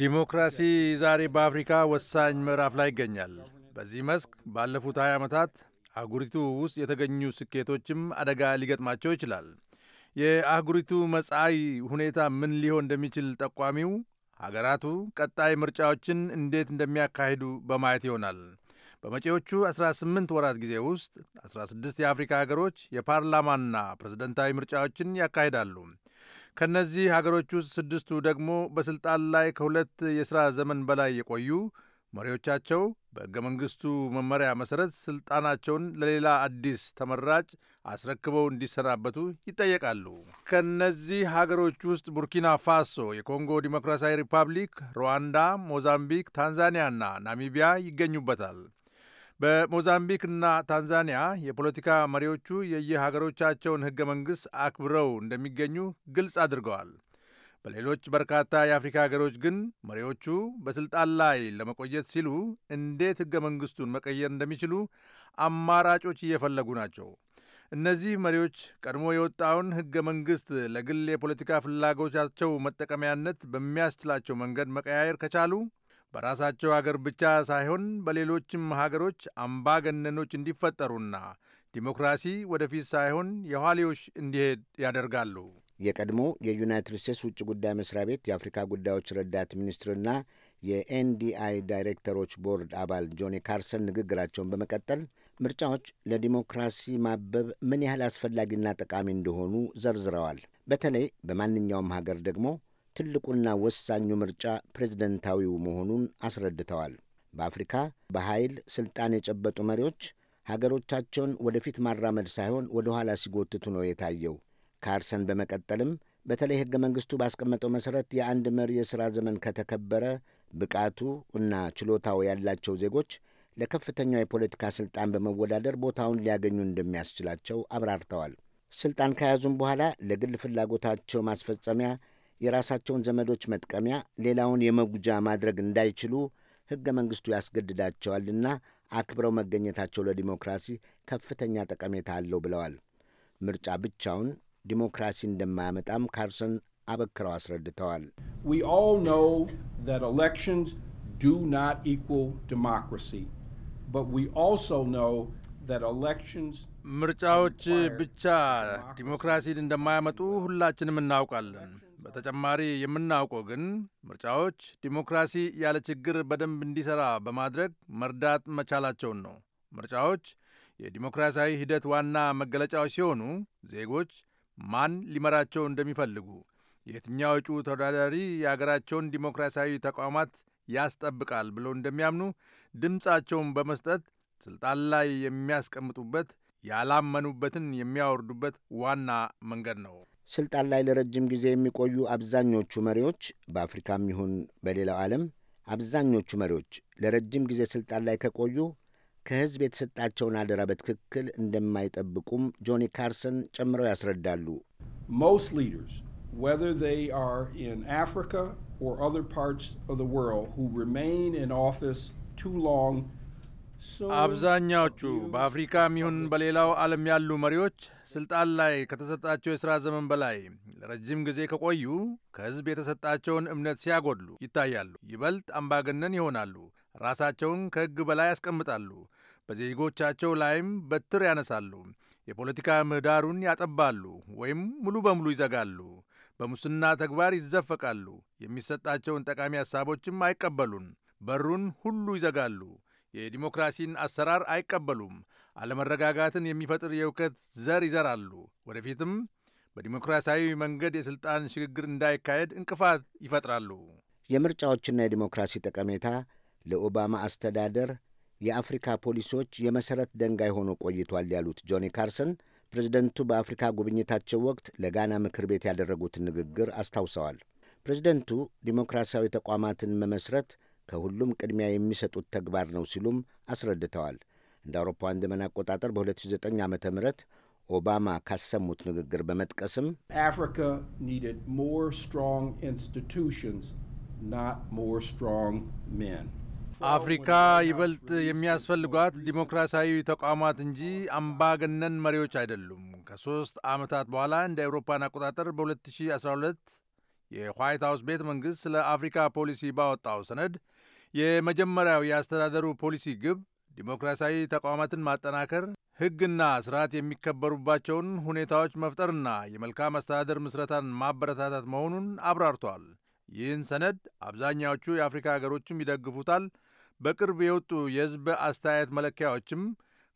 ዲሞክራሲ ዛሬ በአፍሪካ ወሳኝ ምዕራፍ ላይ ይገኛል። በዚህ መስክ ባለፉት 20 ዓመታት አህጉሪቱ ውስጥ የተገኙ ስኬቶችም አደጋ ሊገጥማቸው ይችላል። የአህጉሪቱ መጻኢ ሁኔታ ምን ሊሆን እንደሚችል ጠቋሚው ሀገራቱ ቀጣይ ምርጫዎችን እንዴት እንደሚያካሂዱ በማየት ይሆናል። በመጪዎቹ 18 ወራት ጊዜ ውስጥ 16 የአፍሪካ ሀገሮች የፓርላማና ፕሬዝደንታዊ ምርጫዎችን ያካሂዳሉ። ከእነዚህ ሀገሮች ውስጥ ስድስቱ ደግሞ በሥልጣን ላይ ከሁለት የሥራ ዘመን በላይ የቆዩ መሪዎቻቸው በሕገ መንግሥቱ መመሪያ መሠረት ሥልጣናቸውን ለሌላ አዲስ ተመራጭ አስረክበው እንዲሰናበቱ ይጠየቃሉ። ከእነዚህ ሀገሮች ውስጥ ቡርኪና ፋሶ፣ የኮንጎ ዲሞክራሲያዊ ሪፐብሊክ፣ ሩዋንዳ፣ ሞዛምቢክ፣ ታንዛኒያና ናሚቢያ ይገኙበታል። በሞዛምቢክና ታንዛኒያ የፖለቲካ መሪዎቹ የየሀገሮቻቸውን ሕገ መንግሥት አክብረው እንደሚገኙ ግልጽ አድርገዋል። በሌሎች በርካታ የአፍሪካ ሀገሮች ግን መሪዎቹ በሥልጣን ላይ ለመቆየት ሲሉ እንዴት ሕገ መንግሥቱን መቀየር እንደሚችሉ አማራጮች እየፈለጉ ናቸው። እነዚህ መሪዎች ቀድሞ የወጣውን ሕገ መንግሥት ለግል የፖለቲካ ፍላጎቻቸው መጠቀሚያነት በሚያስችላቸው መንገድ መቀያየር ከቻሉ በራሳቸው አገር ብቻ ሳይሆን በሌሎችም ሀገሮች አምባገነኖች እንዲፈጠሩና ዲሞክራሲ ወደፊት ሳይሆን የኋሊዎች እንዲሄድ ያደርጋሉ። የቀድሞ የዩናይትድ ስቴትስ ውጭ ጉዳይ መስሪያ ቤት የአፍሪካ ጉዳዮች ረዳት ሚኒስትርና የኤንዲአይ ዳይሬክተሮች ቦርድ አባል ጆኒ ካርሰን ንግግራቸውን በመቀጠል ምርጫዎች ለዲሞክራሲ ማበብ ምን ያህል አስፈላጊና ጠቃሚ እንደሆኑ ዘርዝረዋል። በተለይ በማንኛውም ሀገር ደግሞ ትልቁና ወሳኙ ምርጫ ፕሬዝደንታዊው መሆኑን አስረድተዋል። በአፍሪካ በኃይል ሥልጣን የጨበጡ መሪዎች ሀገሮቻቸውን ወደፊት ማራመድ ሳይሆን ወደ ኋላ ሲጎትቱ ነው የታየው። ካርሰን በመቀጠልም በተለይ ሕገ መንግሥቱ ባስቀመጠው መሠረት የአንድ መሪ የሥራ ዘመን ከተከበረ ብቃቱ እና ችሎታው ያላቸው ዜጎች ለከፍተኛው የፖለቲካ ሥልጣን በመወዳደር ቦታውን ሊያገኙ እንደሚያስችላቸው አብራርተዋል። ሥልጣን ከያዙም በኋላ ለግል ፍላጎታቸው ማስፈጸሚያ የራሳቸውን ዘመዶች መጥቀሚያ ሌላውን የመጉጃ ማድረግ እንዳይችሉ ሕገ መንግሥቱ ያስገድዳቸዋልና አክብረው መገኘታቸው ለዲሞክራሲ ከፍተኛ ጠቀሜታ አለው ብለዋል። ምርጫ ብቻውን ዲሞክራሲ እንደማያመጣም ካርሰን አበክረው አስረድተዋል። ምርጫዎች ብቻ ዲሞክራሲን እንደማያመጡ ሁላችንም እናውቃለን። በተጨማሪ የምናውቀው ግን ምርጫዎች ዲሞክራሲ ያለ ችግር በደንብ እንዲሠራ በማድረግ መርዳት መቻላቸውን ነው። ምርጫዎች የዲሞክራሲያዊ ሂደት ዋና መገለጫዎች ሲሆኑ ዜጎች ማን ሊመራቸው እንደሚፈልጉ፣ የትኛው እጩ ተወዳዳሪ የአገራቸውን ዲሞክራሲያዊ ተቋማት ያስጠብቃል ብለው እንደሚያምኑ ድምፃቸውን በመስጠት ስልጣን ላይ የሚያስቀምጡበት ያላመኑበትን የሚያወርዱበት ዋና መንገድ ነው። ስልጣን ላይ ለረጅም ጊዜ የሚቆዩ አብዛኞቹ መሪዎች በአፍሪካም ይሁን በሌላው ዓለም አብዛኞቹ መሪዎች ለረጅም ጊዜ ስልጣን ላይ ከቆዩ ከሕዝብ የተሰጣቸውን አደራ በትክክል እንደማይጠብቁም ጆኒ ካርሰን ጨምረው ያስረዳሉ። አብዛኛዎቹ በአፍሪካም ይሁን በሌላው ዓለም ያሉ መሪዎች ስልጣን ላይ ከተሰጣቸው የሥራ ዘመን በላይ ለረጅም ጊዜ ከቆዩ ከሕዝብ የተሰጣቸውን እምነት ሲያጎድሉ ይታያሉ። ይበልጥ አምባገነን ይሆናሉ። ራሳቸውን ከሕግ በላይ ያስቀምጣሉ። በዜጎቻቸው ላይም በትር ያነሳሉ። የፖለቲካ ምህዳሩን ያጠባሉ ወይም ሙሉ በሙሉ ይዘጋሉ። በሙስና ተግባር ይዘፈቃሉ። የሚሰጣቸውን ጠቃሚ ሐሳቦችም አይቀበሉም። በሩን ሁሉ ይዘጋሉ። የዲሞክራሲን አሰራር አይቀበሉም። አለመረጋጋትን የሚፈጥር የእውከት ዘር ይዘራሉ። ወደፊትም በዲሞክራሲያዊ መንገድ የሥልጣን ሽግግር እንዳይካሄድ እንቅፋት ይፈጥራሉ። የምርጫዎችና የዲሞክራሲ ጠቀሜታ ለኦባማ አስተዳደር የአፍሪካ ፖሊሲዎች የመሠረት ደንጋይ ሆኖ ቆይቷል ያሉት ጆኒ ካርሰን ፕሬዝደንቱ በአፍሪካ ጉብኝታቸው ወቅት ለጋና ምክር ቤት ያደረጉትን ንግግር አስታውሰዋል። ፕሬዝደንቱ ዲሞክራሲያዊ ተቋማትን መመስረት ከሁሉም ቅድሚያ የሚሰጡት ተግባር ነው ሲሉም አስረድተዋል። እንደ አውሮፓውያን ዘመን አቆጣጠር በ2009 ዓ ም ኦባማ ካሰሙት ንግግር በመጥቀስም አፍሪካ ይበልጥ የሚያስፈልጓት ዲሞክራሲያዊ ተቋማት እንጂ አምባገነን መሪዎች አይደሉም። ከሦስት ዓመታት በኋላ እንደ አውሮፓን አቆጣጠር በ2012 የዋይት ሀውስ ቤተ መንግሥት ስለ አፍሪካ ፖሊሲ ባወጣው ሰነድ የመጀመሪያው የአስተዳደሩ ፖሊሲ ግብ ዲሞክራሲያዊ ተቋማትን ማጠናከር፣ ሕግና ስርዓት የሚከበሩባቸውን ሁኔታዎች መፍጠርና የመልካም አስተዳደር ምስረታን ማበረታታት መሆኑን አብራርቷል። ይህን ሰነድ አብዛኛዎቹ የአፍሪካ ሀገሮችም ይደግፉታል። በቅርብ የወጡ የሕዝብ አስተያየት መለኪያዎችም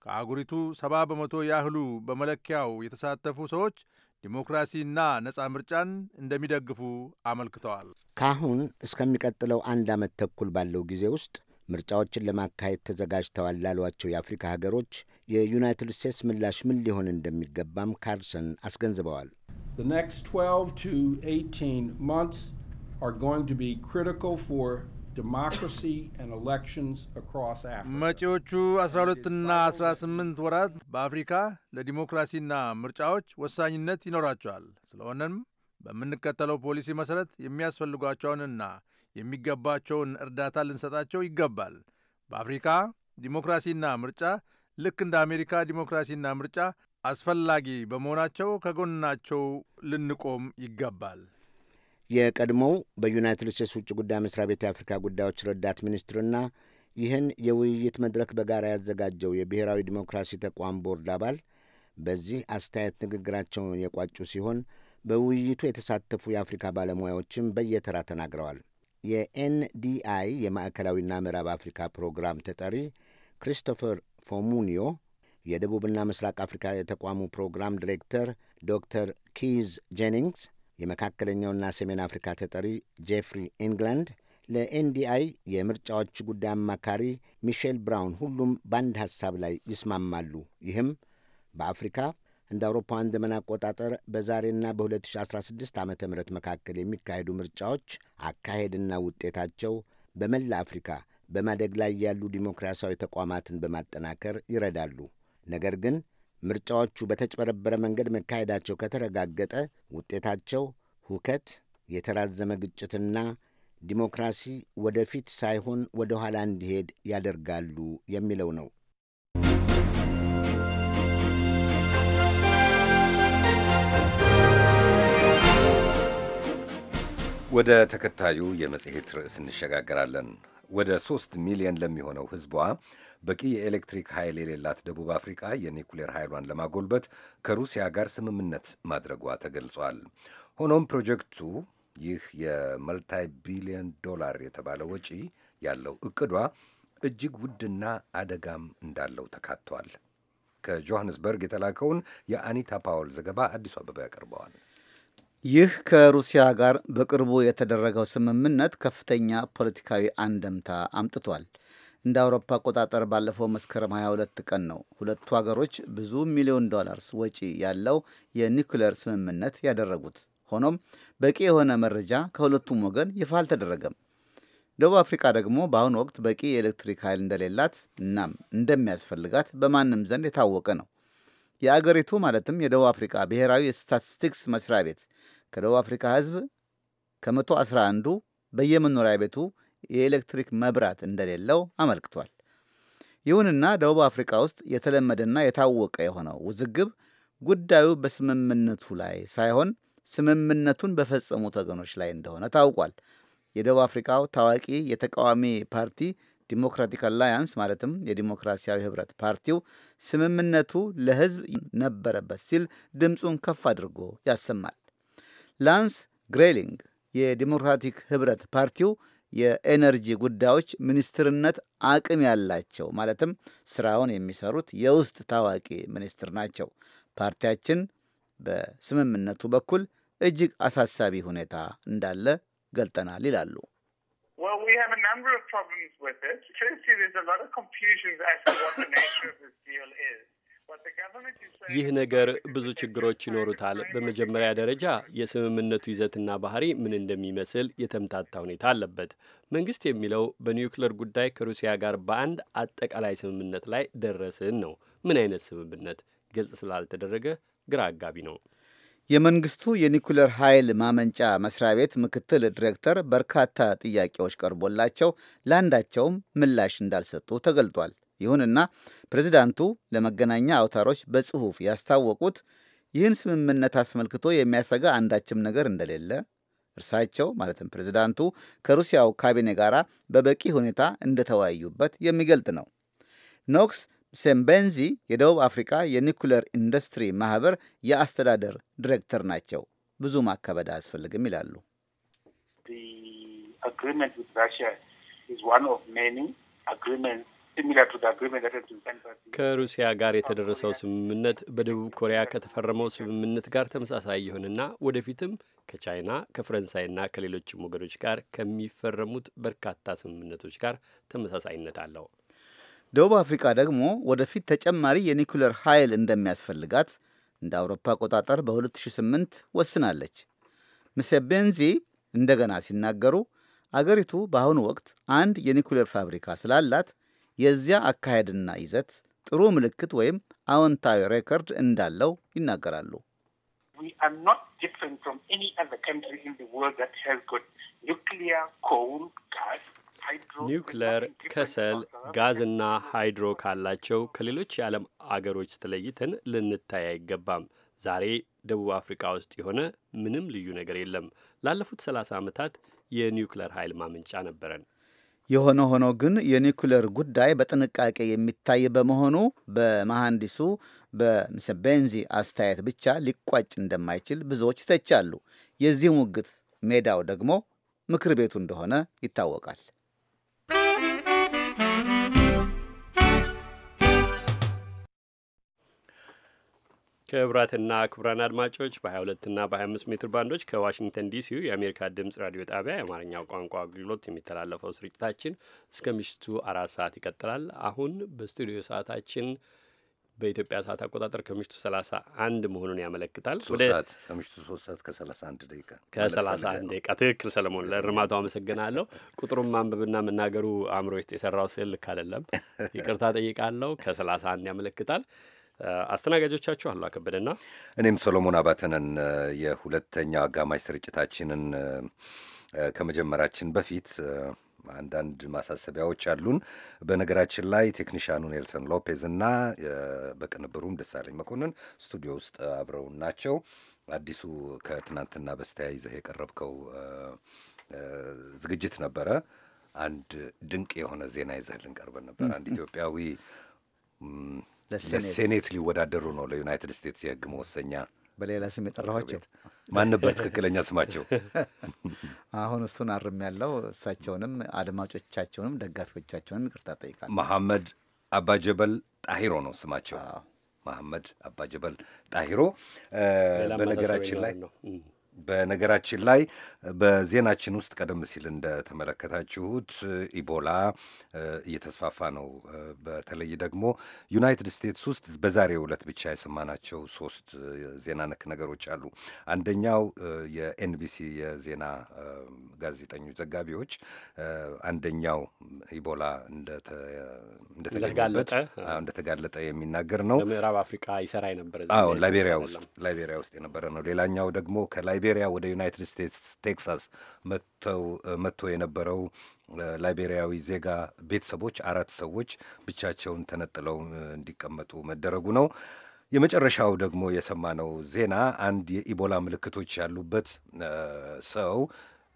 ከአጉሪቱ ሰባ በመቶ ያህሉ በመለኪያው የተሳተፉ ሰዎች ዲሞክራሲና ነፃ ምርጫን እንደሚደግፉ አመልክተዋል። ካሁን እስከሚቀጥለው አንድ ዓመት ተኩል ባለው ጊዜ ውስጥ ምርጫዎችን ለማካሄድ ተዘጋጅተዋል ላሏቸው የአፍሪካ ሀገሮች የዩናይትድ ስቴትስ ምላሽ ምን ሊሆን እንደሚገባም ካርሰን አስገንዝበዋል። The 12 18 months መጪዎቹ 12ና 18 ወራት በአፍሪካ ለዲሞክራሲና ምርጫዎች ወሳኝነት ይኖራቸዋል። ስለሆነም በምንከተለው ፖሊሲ መሠረት የሚያስፈልጓቸውንና የሚገባቸውን እርዳታ ልንሰጣቸው ይገባል። በአፍሪካ ዲሞክራሲና ምርጫ ልክ እንደ አሜሪካ ዲሞክራሲና ምርጫ አስፈላጊ በመሆናቸው ከጎናቸው ልንቆም ይገባል። የቀድሞው በዩናይትድ ስቴትስ ውጭ ጉዳይ መስሪያ ቤት የአፍሪካ ጉዳዮች ረዳት ሚኒስትርና ይህን የውይይት መድረክ በጋራ ያዘጋጀው የብሔራዊ ዲሞክራሲ ተቋም ቦርድ አባል በዚህ አስተያየት ንግግራቸውን የቋጩ ሲሆን በውይይቱ የተሳተፉ የአፍሪካ ባለሙያዎችም በየተራ ተናግረዋል። የኤንዲአይ የማዕከላዊና ምዕራብ አፍሪካ ፕሮግራም ተጠሪ ክሪስቶፈር ፎሙኒዮ፣ የደቡብና ምስራቅ አፍሪካ የተቋሙ ፕሮግራም ዲሬክተር ዶክተር ኪዝ ጄኒንግስ የመካከለኛውና ሰሜን አፍሪካ ተጠሪ ጄፍሪ ኢንግላንድ ለኤንዲአይ የምርጫዎች ጉዳይ አማካሪ ሚሼል ብራውን ሁሉም በአንድ ሐሳብ ላይ ይስማማሉ። ይህም በአፍሪካ እንደ አውሮፓውያን ዘመን አቆጣጠር በዛሬና በ2016 ዓ ም መካከል የሚካሄዱ ምርጫዎች አካሄድና ውጤታቸው በመላ አፍሪካ በማደግ ላይ ያሉ ዲሞክራሲያዊ ተቋማትን በማጠናከር ይረዳሉ። ነገር ግን ምርጫዎቹ በተጭበረበረ መንገድ መካሄዳቸው ከተረጋገጠ ውጤታቸው ሁከት፣ የተራዘመ ግጭትና ዲሞክራሲ ወደፊት ሳይሆን ወደ ኋላ እንዲሄድ ያደርጋሉ የሚለው ነው። ወደ ተከታዩ የመጽሔት ርዕስ እንሸጋገራለን። ወደ ሦስት ሚሊዮን ለሚሆነው ሕዝቧ በቂ የኤሌክትሪክ ኃይል የሌላት ደቡብ አፍሪካ የኒኩሌር ኃይሏን ለማጎልበት ከሩሲያ ጋር ስምምነት ማድረጓ ተገልጿል። ሆኖም ፕሮጀክቱ ይህ የመልታይ ቢሊዮን ዶላር የተባለ ወጪ ያለው እቅዷ እጅግ ውድና አደጋም እንዳለው ተካቷል። ከጆሐንስበርግ የተላከውን የአኒታ ፓውል ዘገባ አዲሱ አበባ ያቀርበዋል። ይህ ከሩሲያ ጋር በቅርቡ የተደረገው ስምምነት ከፍተኛ ፖለቲካዊ አንደምታ አምጥቷል። እንደ አውሮፓ አቆጣጠር ባለፈው መስከረም 22 ቀን ነው ሁለቱ ሀገሮች ብዙ ሚሊዮን ዶላርስ ወጪ ያለው የኒኩሌር ስምምነት ያደረጉት። ሆኖም በቂ የሆነ መረጃ ከሁለቱም ወገን ይፋ አልተደረገም። ደቡብ አፍሪካ ደግሞ በአሁኑ ወቅት በቂ የኤሌክትሪክ ኃይል እንደሌላት እናም እንደሚያስፈልጋት በማንም ዘንድ የታወቀ ነው። የአገሪቱ ማለትም የደቡብ አፍሪካ ብሔራዊ የስታቲስቲክስ መስሪያ ቤት ከደቡብ አፍሪካ ሕዝብ ከመቶ 11ዱ በየመኖሪያ ቤቱ የኤሌክትሪክ መብራት እንደሌለው አመልክቷል። ይሁንና ደቡብ አፍሪካ ውስጥ የተለመደና የታወቀ የሆነው ውዝግብ ጉዳዩ በስምምነቱ ላይ ሳይሆን ስምምነቱን በፈጸሙት ወገኖች ላይ እንደሆነ ታውቋል። የደቡብ አፍሪካው ታዋቂ የተቃዋሚ ፓርቲ ዲሞክራቲክ አላያንስ ማለትም የዲሞክራሲያዊ ህብረት ፓርቲው ስምምነቱ ለህዝብ ነበረበት ሲል ድምፁን ከፍ አድርጎ ያሰማል። ላንስ ግሬሊንግ የዲሞክራቲክ ህብረት ፓርቲው የኤነርጂ ጉዳዮች ሚኒስትርነት አቅም ያላቸው ማለትም ስራውን የሚሰሩት የውስጥ ታዋቂ ሚኒስትር ናቸው። ፓርቲያችን በስምምነቱ በኩል እጅግ አሳሳቢ ሁኔታ እንዳለ ገልጠናል ይላሉ። ይህ ነገር ብዙ ችግሮች ይኖሩታል። በመጀመሪያ ደረጃ የስምምነቱ ይዘትና ባህሪ ምን እንደሚመስል የተምታታ ሁኔታ አለበት። መንግስት የሚለው በኒውክለር ጉዳይ ከሩሲያ ጋር በአንድ አጠቃላይ ስምምነት ላይ ደረስን ነው። ምን አይነት ስምምነት ግልጽ ስላልተደረገ ግራ አጋቢ ነው። የመንግስቱ የኒኩሌር ኃይል ማመንጫ መስሪያ ቤት ምክትል ዲሬክተር በርካታ ጥያቄዎች ቀርቦላቸው ለአንዳቸውም ምላሽ እንዳልሰጡ ተገልጧል። ይሁንና ፕሬዚዳንቱ ለመገናኛ አውታሮች በጽሑፍ ያስታወቁት ይህን ስምምነት አስመልክቶ የሚያሰጋ አንዳችም ነገር እንደሌለ እርሳቸው ማለትም ፕሬዚዳንቱ ከሩሲያው ካቢኔ ጋር በበቂ ሁኔታ እንደተወያዩበት የሚገልጥ ነው። ኖክስ ሴምቤንዚ የደቡብ አፍሪካ የኒኩሌር ኢንዱስትሪ ማህበር የአስተዳደር ዲሬክተር ናቸው። ብዙ ማከበድ አያስፈልግም ይላሉ። ከሩሲያ ጋር የተደረሰው ስምምነት በደቡብ ኮሪያ ከተፈረመው ስምምነት ጋር ተመሳሳይ ይሁንና ወደፊትም ከቻይና ከፈረንሳይና ከሌሎችም ወገኖች ጋር ከሚፈረሙት በርካታ ስምምነቶች ጋር ተመሳሳይነት አለው። ደቡብ አፍሪካ ደግሞ ወደፊት ተጨማሪ የኒኩሌር ኃይል እንደሚያስፈልጋት እንደ አውሮፓ አቆጣጠር በ2008 ወስናለች። ቤንዚ እንደገና ሲናገሩ አገሪቱ በአሁኑ ወቅት አንድ የኒኩሌር ፋብሪካ ስላላት የዚያ አካሄድና ይዘት ጥሩ ምልክት ወይም አዎንታዊ ሬከርድ እንዳለው ይናገራሉ። ኒውክሌር፣ ከሰል፣ ጋዝና ሃይድሮ ካላቸው ከሌሎች የዓለም አገሮች ተለይተን ልንታይ አይገባም። ዛሬ ደቡብ አፍሪካ ውስጥ የሆነ ምንም ልዩ ነገር የለም። ላለፉት 30 ዓመታት የኒውክሌር ኃይል ማመንጫ ነበረን። የሆነ ሆኖ ግን የኒኩሌር ጉዳይ በጥንቃቄ የሚታይ በመሆኑ በመሐንዲሱ በሚሰቤንዚ አስተያየት ብቻ ሊቋጭ እንደማይችል ብዙዎች ይተቻሉ። የዚህ ሙግት ሜዳው ደግሞ ምክር ቤቱ እንደሆነ ይታወቃል። ክቡራትና ክቡራን አድማጮች በ22ና በ25 ሜትር ባንዶች ከዋሽንግተን ዲሲ የአሜሪካ ድምፅ ራዲዮ ጣቢያ የአማርኛው ቋንቋ አገልግሎት የሚተላለፈው ስርጭታችን እስከ ምሽቱ አራት ሰዓት ይቀጥላል። አሁን በስቱዲዮ ሰዓታችን በኢትዮጵያ ሰዓት አቆጣጠር ከምሽቱ 31 መሆኑን ያመለክታል። ከምሽቱ 3 ሰዓት ከ31 ደቂቃ ከ31 ደቂቃ ትክክል። ሰለሞን ለእርማታው አመሰግናለሁ። ቁጥሩን ማንበብና መናገሩ አእምሮ ውስጥ የሰራው ስዕል ልክ አይደለም፣ ይቅርታ ጠይቃለሁ። ከ31 ያመለክታል። አስተናጋጆቻችሁ አሉ አከበደና እኔም ሰሎሞን አባተነን የሁለተኛው አጋማሽ ስርጭታችንን ከመጀመራችን በፊት አንዳንድ ማሳሰቢያዎች አሉን። በነገራችን ላይ ቴክኒሽያኑ ኔልሰን ሎፔዝ እና በቅንብሩም ደሳለኝ መኮንን ስቱዲዮ ውስጥ አብረውን ናቸው። አዲሱ ከትናንትና በስቲያ ይዘህ የቀረብከው ዝግጅት ነበረ። አንድ ድንቅ የሆነ ዜና ይዘህ ልንቀርበን ነበር። አንድ ኢትዮጵያዊ ለሴኔት ሊወዳደሩ ነው ለዩናይትድ ስቴትስ የህግ መወሰኛ በሌላ ስም የጠራኋቸው ማን ነበር ትክክለኛ ስማቸው? አሁን እሱን አርም ያለው እሳቸውንም አድማጮቻቸውንም ደጋፊዎቻቸውንም ይቅርታ ጠይቃል። መሐመድ አባጀበል ጣሂሮ ነው ስማቸው። መሐመድ አባጀበል ጣሂሮ በነገራችን ላይ በነገራችን ላይ በዜናችን ውስጥ ቀደም ሲል እንደተመለከታችሁት ኢቦላ እየተስፋፋ ነው። በተለይ ደግሞ ዩናይትድ ስቴትስ ውስጥ በዛሬው ዕለት ብቻ የሰማናቸው ሶስት ዜና ነክ ነገሮች አሉ። አንደኛው የኤንቢሲ የዜና ጋዜጠኞች ዘጋቢዎች፣ አንደኛው ኢቦላ እንደተጋለጠ የሚናገር ነው። ምዕራብ አፍሪካ ይሰራ የነበረ ላይቤሪያ ውስጥ የነበረ ነው። ሌላኛው ደግሞ ከላይ ላይቤሪያ ወደ ዩናይትድ ስቴትስ ቴክሳስ መጥቶ የነበረው ላይቤሪያዊ ዜጋ ቤተሰቦች አራት ሰዎች ብቻቸውን ተነጥለው እንዲቀመጡ መደረጉ ነው። የመጨረሻው ደግሞ የሰማነው ዜና አንድ የኢቦላ ምልክቶች ያሉበት ሰው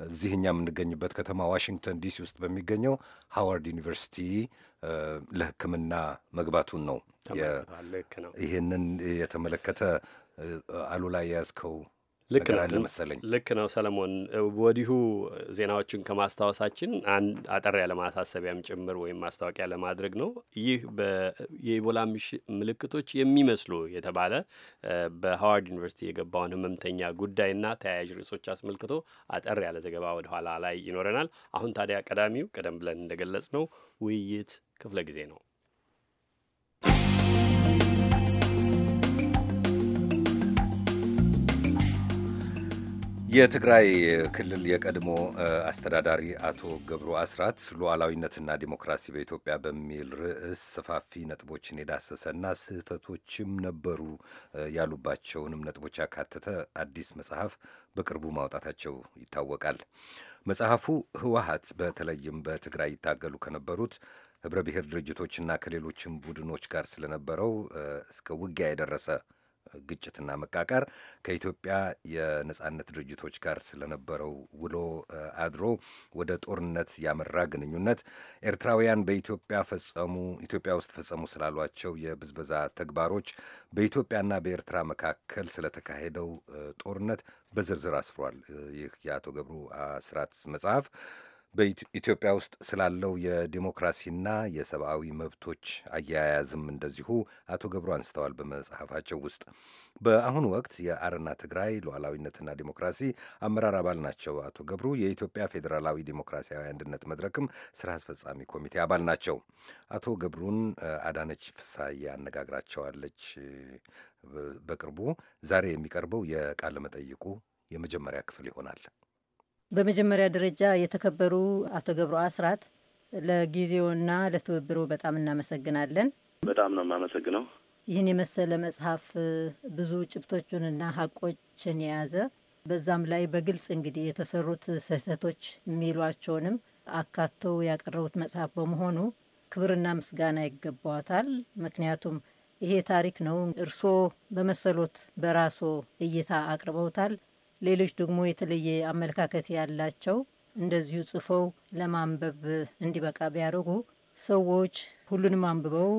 እዚህ እኛ የምንገኝበት ከተማ ዋሽንግተን ዲሲ ውስጥ በሚገኘው ሃዋርድ ዩኒቨርሲቲ ለሕክምና መግባቱን ነው። ይህንን የተመለከተ አሉላ የያዝከው ልክ ነው መሰለኝ። ልክ ነው ሰለሞን። ወዲሁ ዜናዎቹን ከማስታወሳችን አንድ አጠር ያለ ማሳሰቢያም ጭምር ወይም ማስታወቂያ ለማድረግ ነው። ይህ የኢቦላ ምልክቶች የሚመስሉ የተባለ በሃዋርድ ዩኒቨርሲቲ የገባውን ህመምተኛ ጉዳይና ተያያዥ ርዕሶች አስመልክቶ አጠር ያለ ዘገባ ወደ ኋላ ላይ ይኖረናል። አሁን ታዲያ ቀዳሚው ቀደም ብለን እንደገለጽ ነው ውይይት ክፍለ ጊዜ ነው። የትግራይ ክልል የቀድሞ አስተዳዳሪ አቶ ገብሩ አስራት ሉዓላዊነትና ዲሞክራሲ በኢትዮጵያ በሚል ርዕስ ሰፋፊ ነጥቦችን የዳሰሰና ስህተቶችም ነበሩ ያሉባቸውንም ነጥቦች ያካተተ አዲስ መጽሐፍ በቅርቡ ማውጣታቸው ይታወቃል። መጽሐፉ ህወሀት በተለይም በትግራይ ይታገሉ ከነበሩት ህብረ ብሔር ድርጅቶችና ከሌሎችም ቡድኖች ጋር ስለነበረው እስከ ውጊያ የደረሰ ግጭትና መቃቃር ከኢትዮጵያ የነጻነት ድርጅቶች ጋር ስለነበረው ውሎ አድሮ ወደ ጦርነት ያመራ ግንኙነት፣ ኤርትራውያን በኢትዮጵያ ፈጸሙ ኢትዮጵያ ውስጥ ፈጸሙ ስላሏቸው የብዝበዛ ተግባሮች፣ በኢትዮጵያና በኤርትራ መካከል ስለተካሄደው ጦርነት በዝርዝር አስፍሯል። ይህ የአቶ ገብሩ አስራት መጽሐፍ በኢትዮጵያ ውስጥ ስላለው የዲሞክራሲና የሰብአዊ መብቶች አያያዝም እንደዚሁ አቶ ገብሩ አንስተዋል በመጽሐፋቸው ውስጥ። በአሁኑ ወቅት የአረና ትግራይ ሉዓላዊነትና ዲሞክራሲ አመራር አባል ናቸው አቶ ገብሩ። የኢትዮጵያ ፌዴራላዊ ዲሞክራሲያዊ አንድነት መድረክም ስራ አስፈጻሚ ኮሚቴ አባል ናቸው። አቶ ገብሩን አዳነች ፍሳዬ አነጋግራቸዋለች። በቅርቡ ዛሬ የሚቀርበው የቃለ መጠይቁ የመጀመሪያ ክፍል ይሆናል። በመጀመሪያ ደረጃ የተከበሩ አቶ ገብሩ አስራት ለጊዜውና ለትብብሩ በጣም እናመሰግናለን። በጣም ነው የማመሰግነው። ይህን የመሰለ መጽሐፍ ብዙ ጭብቶቹንና ሀቆችን የያዘ በዛም ላይ በግልጽ እንግዲህ የተሰሩት ስህተቶች የሚሏቸውንም አካተው ያቀረቡት መጽሐፍ በመሆኑ ክብርና ምስጋና ይገባዋታል። ምክንያቱም ይሄ ታሪክ ነው፣ እርስዎ በመሰሎት በራሶ እይታ አቅርበውታል። ሌሎች ደግሞ የተለየ አመለካከት ያላቸው እንደዚሁ ጽፈው ለማንበብ እንዲበቃ ቢያደርጉ ሰዎች ሁሉንም አንብበው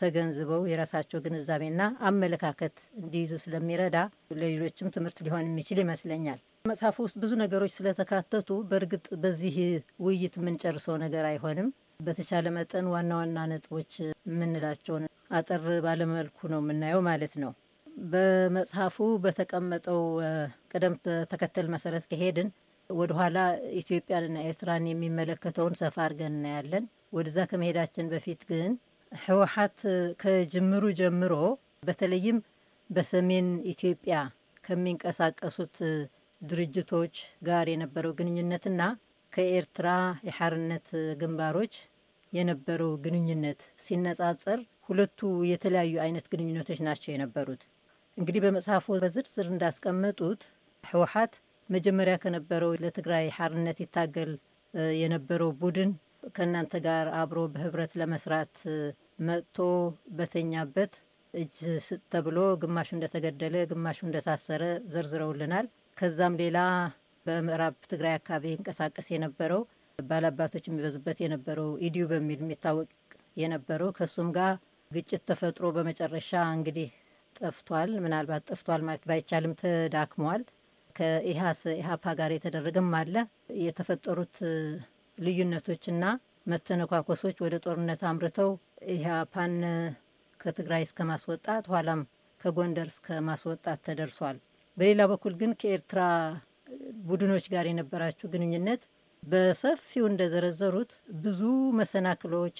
ተገንዝበው የራሳቸው ግንዛቤና አመለካከት እንዲይዙ ስለሚረዳ ለሌሎችም ትምህርት ሊሆን የሚችል ይመስለኛል። መጽሐፉ ውስጥ ብዙ ነገሮች ስለተካተቱ በእርግጥ በዚህ ውይይት የምንጨርሰው ነገር አይሆንም። በተቻለ መጠን ዋና ዋና ነጥቦች የምንላቸውን አጠር ባለመልኩ ነው የምናየው ማለት ነው። በመጽሐፉ በተቀመጠው ቅደም ተከተል መሰረት ከሄድን ወደኋላ ኢትዮጵያንና ኤርትራን የሚመለከተውን ሰፋ አድርገን እናያለን። ወደዛ ከመሄዳችን በፊት ግን ህወሓት ከጅምሩ ጀምሮ በተለይም በሰሜን ኢትዮጵያ ከሚንቀሳቀሱት ድርጅቶች ጋር የነበረው ግንኙነትና ከኤርትራ የሐርነት ግንባሮች የነበረው ግንኙነት ሲነጻጸር ሁለቱ የተለያዩ አይነት ግንኙነቶች ናቸው የነበሩት። እንግዲህ በመጽሐፉ በዝርዝር እንዳስቀመጡት ህወሀት መጀመሪያ ከነበረው ለትግራይ ሀርነት ይታገል የነበረው ቡድን ከእናንተ ጋር አብሮ በህብረት ለመስራት መጥቶ በተኛበት እጅ ተብሎ ግማሹ እንደተገደለ ግማሹ እንደታሰረ ዘርዝረውልናል። ከዛም ሌላ በምዕራብ ትግራይ አካባቢ ይንቀሳቀስ የነበረው ባላባቶች የሚበዙበት የነበረው ኢዲዩ በሚል የሚታወቅ የነበረው ከእሱም ጋር ግጭት ተፈጥሮ በመጨረሻ እንግዲህ ጠፍቷል። ምናልባት ጠፍቷል ማለት ባይቻልም ተዳክሟል። ከኢህስ ኢሃፓ ጋር የተደረገም አለ። የተፈጠሩት ልዩነቶችና መተነኳኮሶች ወደ ጦርነት አምርተው ኢሃፓን ከትግራይ እስከ ማስወጣት ኋላም ከጎንደር እስከ ማስወጣት ተደርሷል። በሌላ በኩል ግን ከኤርትራ ቡድኖች ጋር የነበራችሁ ግንኙነት በሰፊው እንደዘረዘሩት ብዙ መሰናክሎች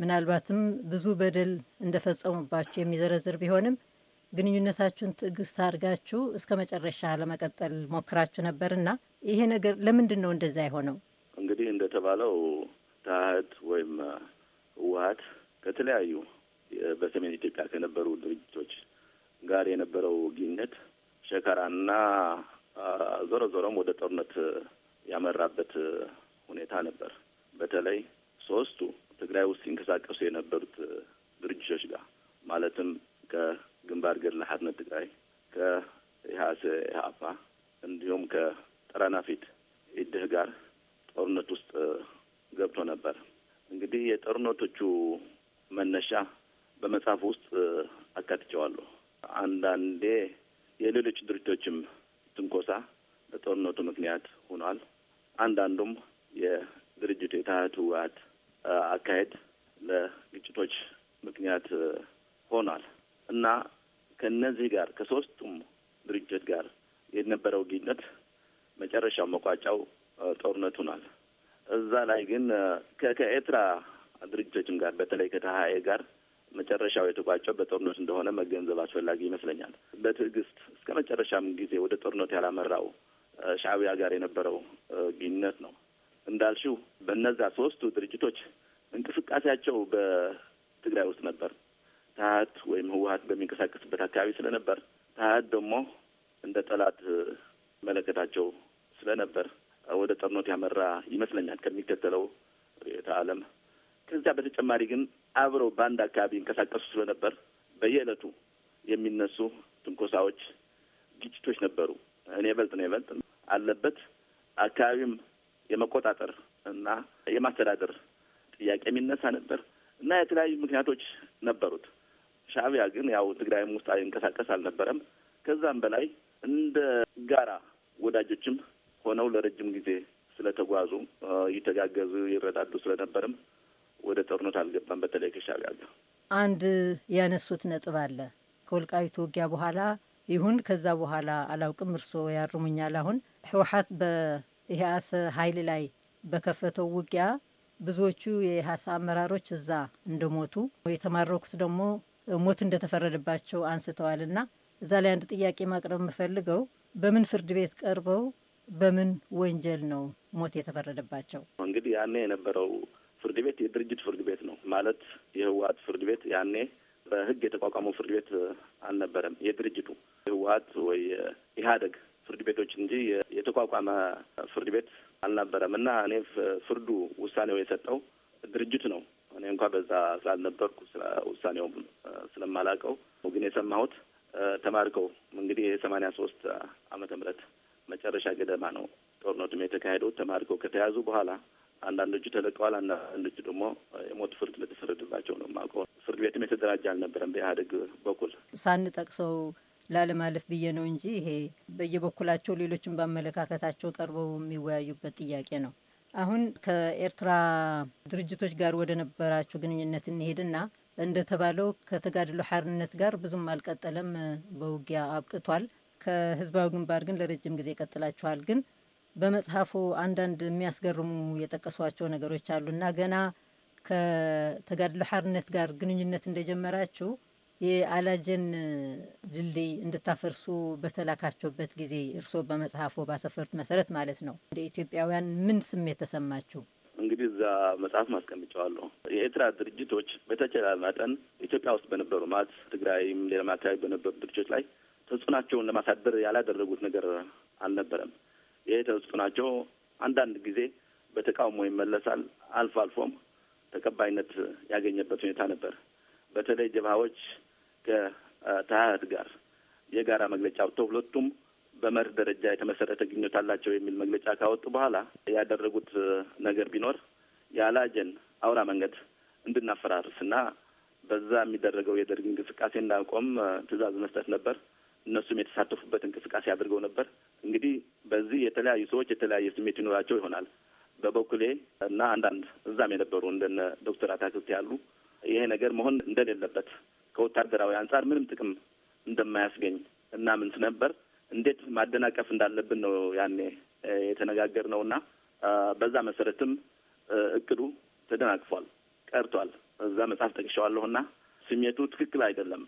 ምናልባትም ብዙ በደል እንደፈጸሙባቸው የሚዘረዝር ቢሆንም ግንኙነታችሁን ትዕግስት አድርጋችሁ እስከ መጨረሻ ለመቀጠል ሞክራችሁ ነበርና ይሄ ነገር ለምንድን ነው እንደዛ የሆነው? እንግዲህ እንደተባለው ታህት ወይም ህወሀት ከተለያዩ በሰሜን ኢትዮጵያ ከነበሩ ድርጅቶች ጋር የነበረው ግንኙነት ሸከራና ዞሮ ዞሮም ወደ ጦርነት ያመራበት ሁኔታ ነበር። በተለይ ሶስቱ ትግራይ ውስጥ ሲንቀሳቀሱ የነበሩት ድርጅቶች ጋር ማለትም ግንባር ገድለ ሓርነት ትግራይ ከኢህአስ ኢህአፓ እንዲሁም ፊት ኢድህ ጋር ጦርነት ውስጥ ገብቶ ነበር። እንግዲህ የጦርነቶቹ መነሻ በመጽሐፍ ውስጥ አካትቸዋለሁ። አንዳንዴ የሌሎች ድርጅቶችም ትንኮሳ በጦርነቱ ምክንያት ሆኗል። አንዳንዱም የድርጅቱ የታህት ህወሓት አካሄድ ለግጭቶች ምክንያት ሆኗል። እና ከነዚህ ጋር ከሶስቱም ድርጅት ጋር የነበረው ግንኙነት መጨረሻው መቋጫው ጦርነት ሆኗል። እዛ ላይ ግን ከኤርትራ ድርጅቶችም ጋር በተለይ ከተሀኤ ጋር መጨረሻው የተቋጨው በጦርነት እንደሆነ መገንዘብ አስፈላጊ ይመስለኛል። በትዕግስት እስከ መጨረሻም ጊዜ ወደ ጦርነት ያላመራው ሻቢያ ጋር የነበረው ግንኙነት ነው። እንዳልሽው በእነዛ ሶስቱ ድርጅቶች እንቅስቃሴያቸው በትግራይ ውስጥ ነበር። ታሀት ወይም ህወሀት በሚንቀሳቀስበት አካባቢ ስለነበር ታሀት ደግሞ እንደ ጠላት መለከታቸው ስለነበር ወደ ጠርኖት ያመራ ይመስለኛል ከሚከተለው ርዕዮተ ዓለም። ከዚያ በተጨማሪ ግን አብረው በአንድ አካባቢ ይንቀሳቀሱ ስለነበር በየዕለቱ የሚነሱ ትንኮሳዎች፣ ግጭቶች ነበሩ። እኔ በልጥ ነው የበልጥ አለበት አካባቢም የመቆጣጠር እና የማስተዳደር ጥያቄ የሚነሳ ነበር እና የተለያዩ ምክንያቶች ነበሩት። ሻቢያ ግን ያው ትግራይም ውስጥ አይንቀሳቀስ አልነበረም። ከዛም በላይ እንደ ጋራ ወዳጆችም ሆነው ለረጅም ጊዜ ስለተጓዙ ይተጋገዙ፣ ይረዳዱ ስለነበርም ወደ ጦርነት አልገባም። በተለይ ከሻቢያ ጋር አንድ ያነሱት ነጥብ አለ። ከወልቃዊቱ ውጊያ በኋላ ይሁን ከዛ በኋላ አላውቅም፣ እርስዎ ያርሙኛል። አሁን ህወሓት በኢህአስ ሀይል ላይ በከፈተው ውጊያ ብዙዎቹ የኢህአስ አመራሮች እዛ እንደሞቱ የተማረኩት ደግሞ ሞት እንደተፈረደባቸው አንስተዋል እና እዛ ላይ አንድ ጥያቄ ማቅረብ የምፈልገው በምን ፍርድ ቤት ቀርበው በምን ወንጀል ነው ሞት የተፈረደባቸው? እንግዲህ ያኔ የነበረው ፍርድ ቤት የድርጅት ፍርድ ቤት ነው ማለት የህወሀት ፍርድ ቤት ያኔ በህግ የተቋቋመው ፍርድ ቤት አልነበረም። የድርጅቱ የህወሀት ወይ ኢህአደግ ፍርድ ቤቶች እንጂ የተቋቋመ ፍርድ ቤት አልነበረም እና እኔ ፍርዱ ውሳኔው የሰጠው ድርጅት ነው እኔ እንኳ በዛ ስላልነበርኩ ውሳኔው ስለማላውቀው ግን የሰማሁት ተማርከው እንግዲህ የሰማንያ ሶስት አመተ ምህረት መጨረሻ ገደማ ነው ጦርነቱም የተካሄደው። ተማርከው ከተያዙ በኋላ አንዳንዶቹ ተለቀዋል፣ አንዳንዶቹ ደግሞ የሞት ፍርድ ለተፈረደባቸው ነው የማውቀው። ፍርድ ቤትም የተደራጀ አልነበረም በኢህአዴግ በኩል ሳንጠቅሰው ላለማለፍ ብዬ ነው እንጂ ይሄ በየበኩላቸው ሌሎችን በአመለካከታቸው ቀርበው የሚወያዩበት ጥያቄ ነው። አሁን ከኤርትራ ድርጅቶች ጋር ወደ ነበራችሁ ግንኙነት እንሄድና እንደተባለው ከተጋድሎ ሓርነት ጋር ብዙም አልቀጠለም፣ በውጊያ አብቅቷል። ከህዝባዊ ግንባር ግን ለረጅም ጊዜ ቀጥላችኋል። ግን በመጽሐፉ አንዳንድ የሚያስገርሙ የጠቀሷቸው ነገሮች አሉና ገና ከተጋድሎ ሓርነት ጋር ግንኙነት እንደጀመራችሁ የአላጀን ድልድይ እንድታፈርሱ በተላካቸውበት ጊዜ እርስዎ በመጽሐፎ ባሰፈሩት መሰረት ማለት ነው እንደ ኢትዮጵያውያን ምን ስሜት ተሰማችሁ? እንግዲህ እዛ መጽሐፍ ማስቀምጫዋለሁ። የኤርትራ ድርጅቶች በተቻለ መጠን ኢትዮጵያ ውስጥ በነበሩ ማለት ትግራይም፣ ሌላም አካባቢ በነበሩ ድርጅቶች ላይ ተጽዕናቸውን ለማሳደር ያላደረጉት ነገር አልነበረም። ይሄ ተጽዕናቸው አንዳንድ ጊዜ በተቃውሞ ይመለሳል፣ አልፎ አልፎም ተቀባይነት ያገኘበት ሁኔታ ነበር። በተለይ ጀብሃዎች ከተሀያት ጋር የጋራ መግለጫ አውጥተው ሁለቱም በመርህ ደረጃ የተመሰረተ ግንኙነት አላቸው የሚል መግለጫ ካወጡ በኋላ ያደረጉት ነገር ቢኖር የአላጀን አውራ መንገድ እንድናፈራርስና በዛ የሚደረገው የደርግ እንቅስቃሴ እንዳቆም ትዕዛዝ መስጠት ነበር። እነሱም የተሳተፉበት እንቅስቃሴ አድርገው ነበር። እንግዲህ በዚህ የተለያዩ ሰዎች የተለያየ ስሜት ይኖራቸው ይሆናል። በበኩሌ እና አንዳንድ እዛም የነበሩ እንደነ ዶክተር አታክልት ያሉ ይሄ ነገር መሆን እንደሌለበት ከወታደራዊ አንጻር ምንም ጥቅም እንደማያስገኝ እና ምንት ነበር። እንዴት ማደናቀፍ እንዳለብን ነው ያኔ ነው እና በዛ መሰረትም እቅዱ ተደናቅፏል ቀርቷል። እዛ መጽሐፍ ጠቅሸዋለሁ እና ስሜቱ ትክክል አይደለም።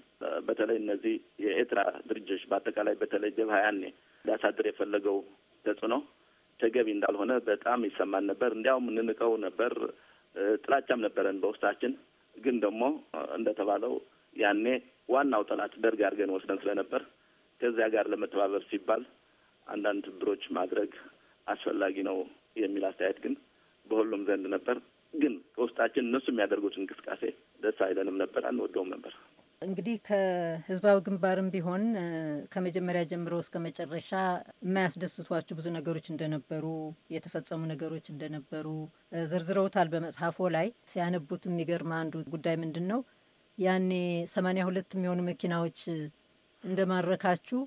በተለይ እነዚህ የኤርትራ ድርጅቶች በአጠቃላይ በተለይ ጀብሃ ያኔ ሊያሳድር የፈለገው ተጽዕኖ ተገቢ እንዳልሆነ በጣም ይሰማን ነበር። እንዲያውም እንንቀው ነበር፣ ጥላቻም ነበረን በውስጣችን። ግን ደግሞ እንደተባለው ያኔ ዋናው ጠላት ደርግ አድርገን ወስደን ስለነበር ከዚያ ጋር ለመተባበር ሲባል አንዳንድ ትብብሮች ማድረግ አስፈላጊ ነው የሚል አስተያየት ግን በሁሉም ዘንድ ነበር። ግን ከውስጣችን እነሱ የሚያደርጉት እንቅስቃሴ ደስ አይለንም ነበር፣ አንወደውም ነበር። እንግዲህ ከህዝባዊ ግንባርም ቢሆን ከመጀመሪያ ጀምሮ እስከ መጨረሻ የማያስደስቷችሁ ብዙ ነገሮች እንደነበሩ፣ የተፈጸሙ ነገሮች እንደነበሩ ዘርዝረውታል በመጽሐፎ ላይ ሲያነቡት የሚገርም አንዱ ጉዳይ ምንድን ነው ያኔ ሰማንያ ሁለት የሚሆኑ መኪናዎች እንደማረካችሁ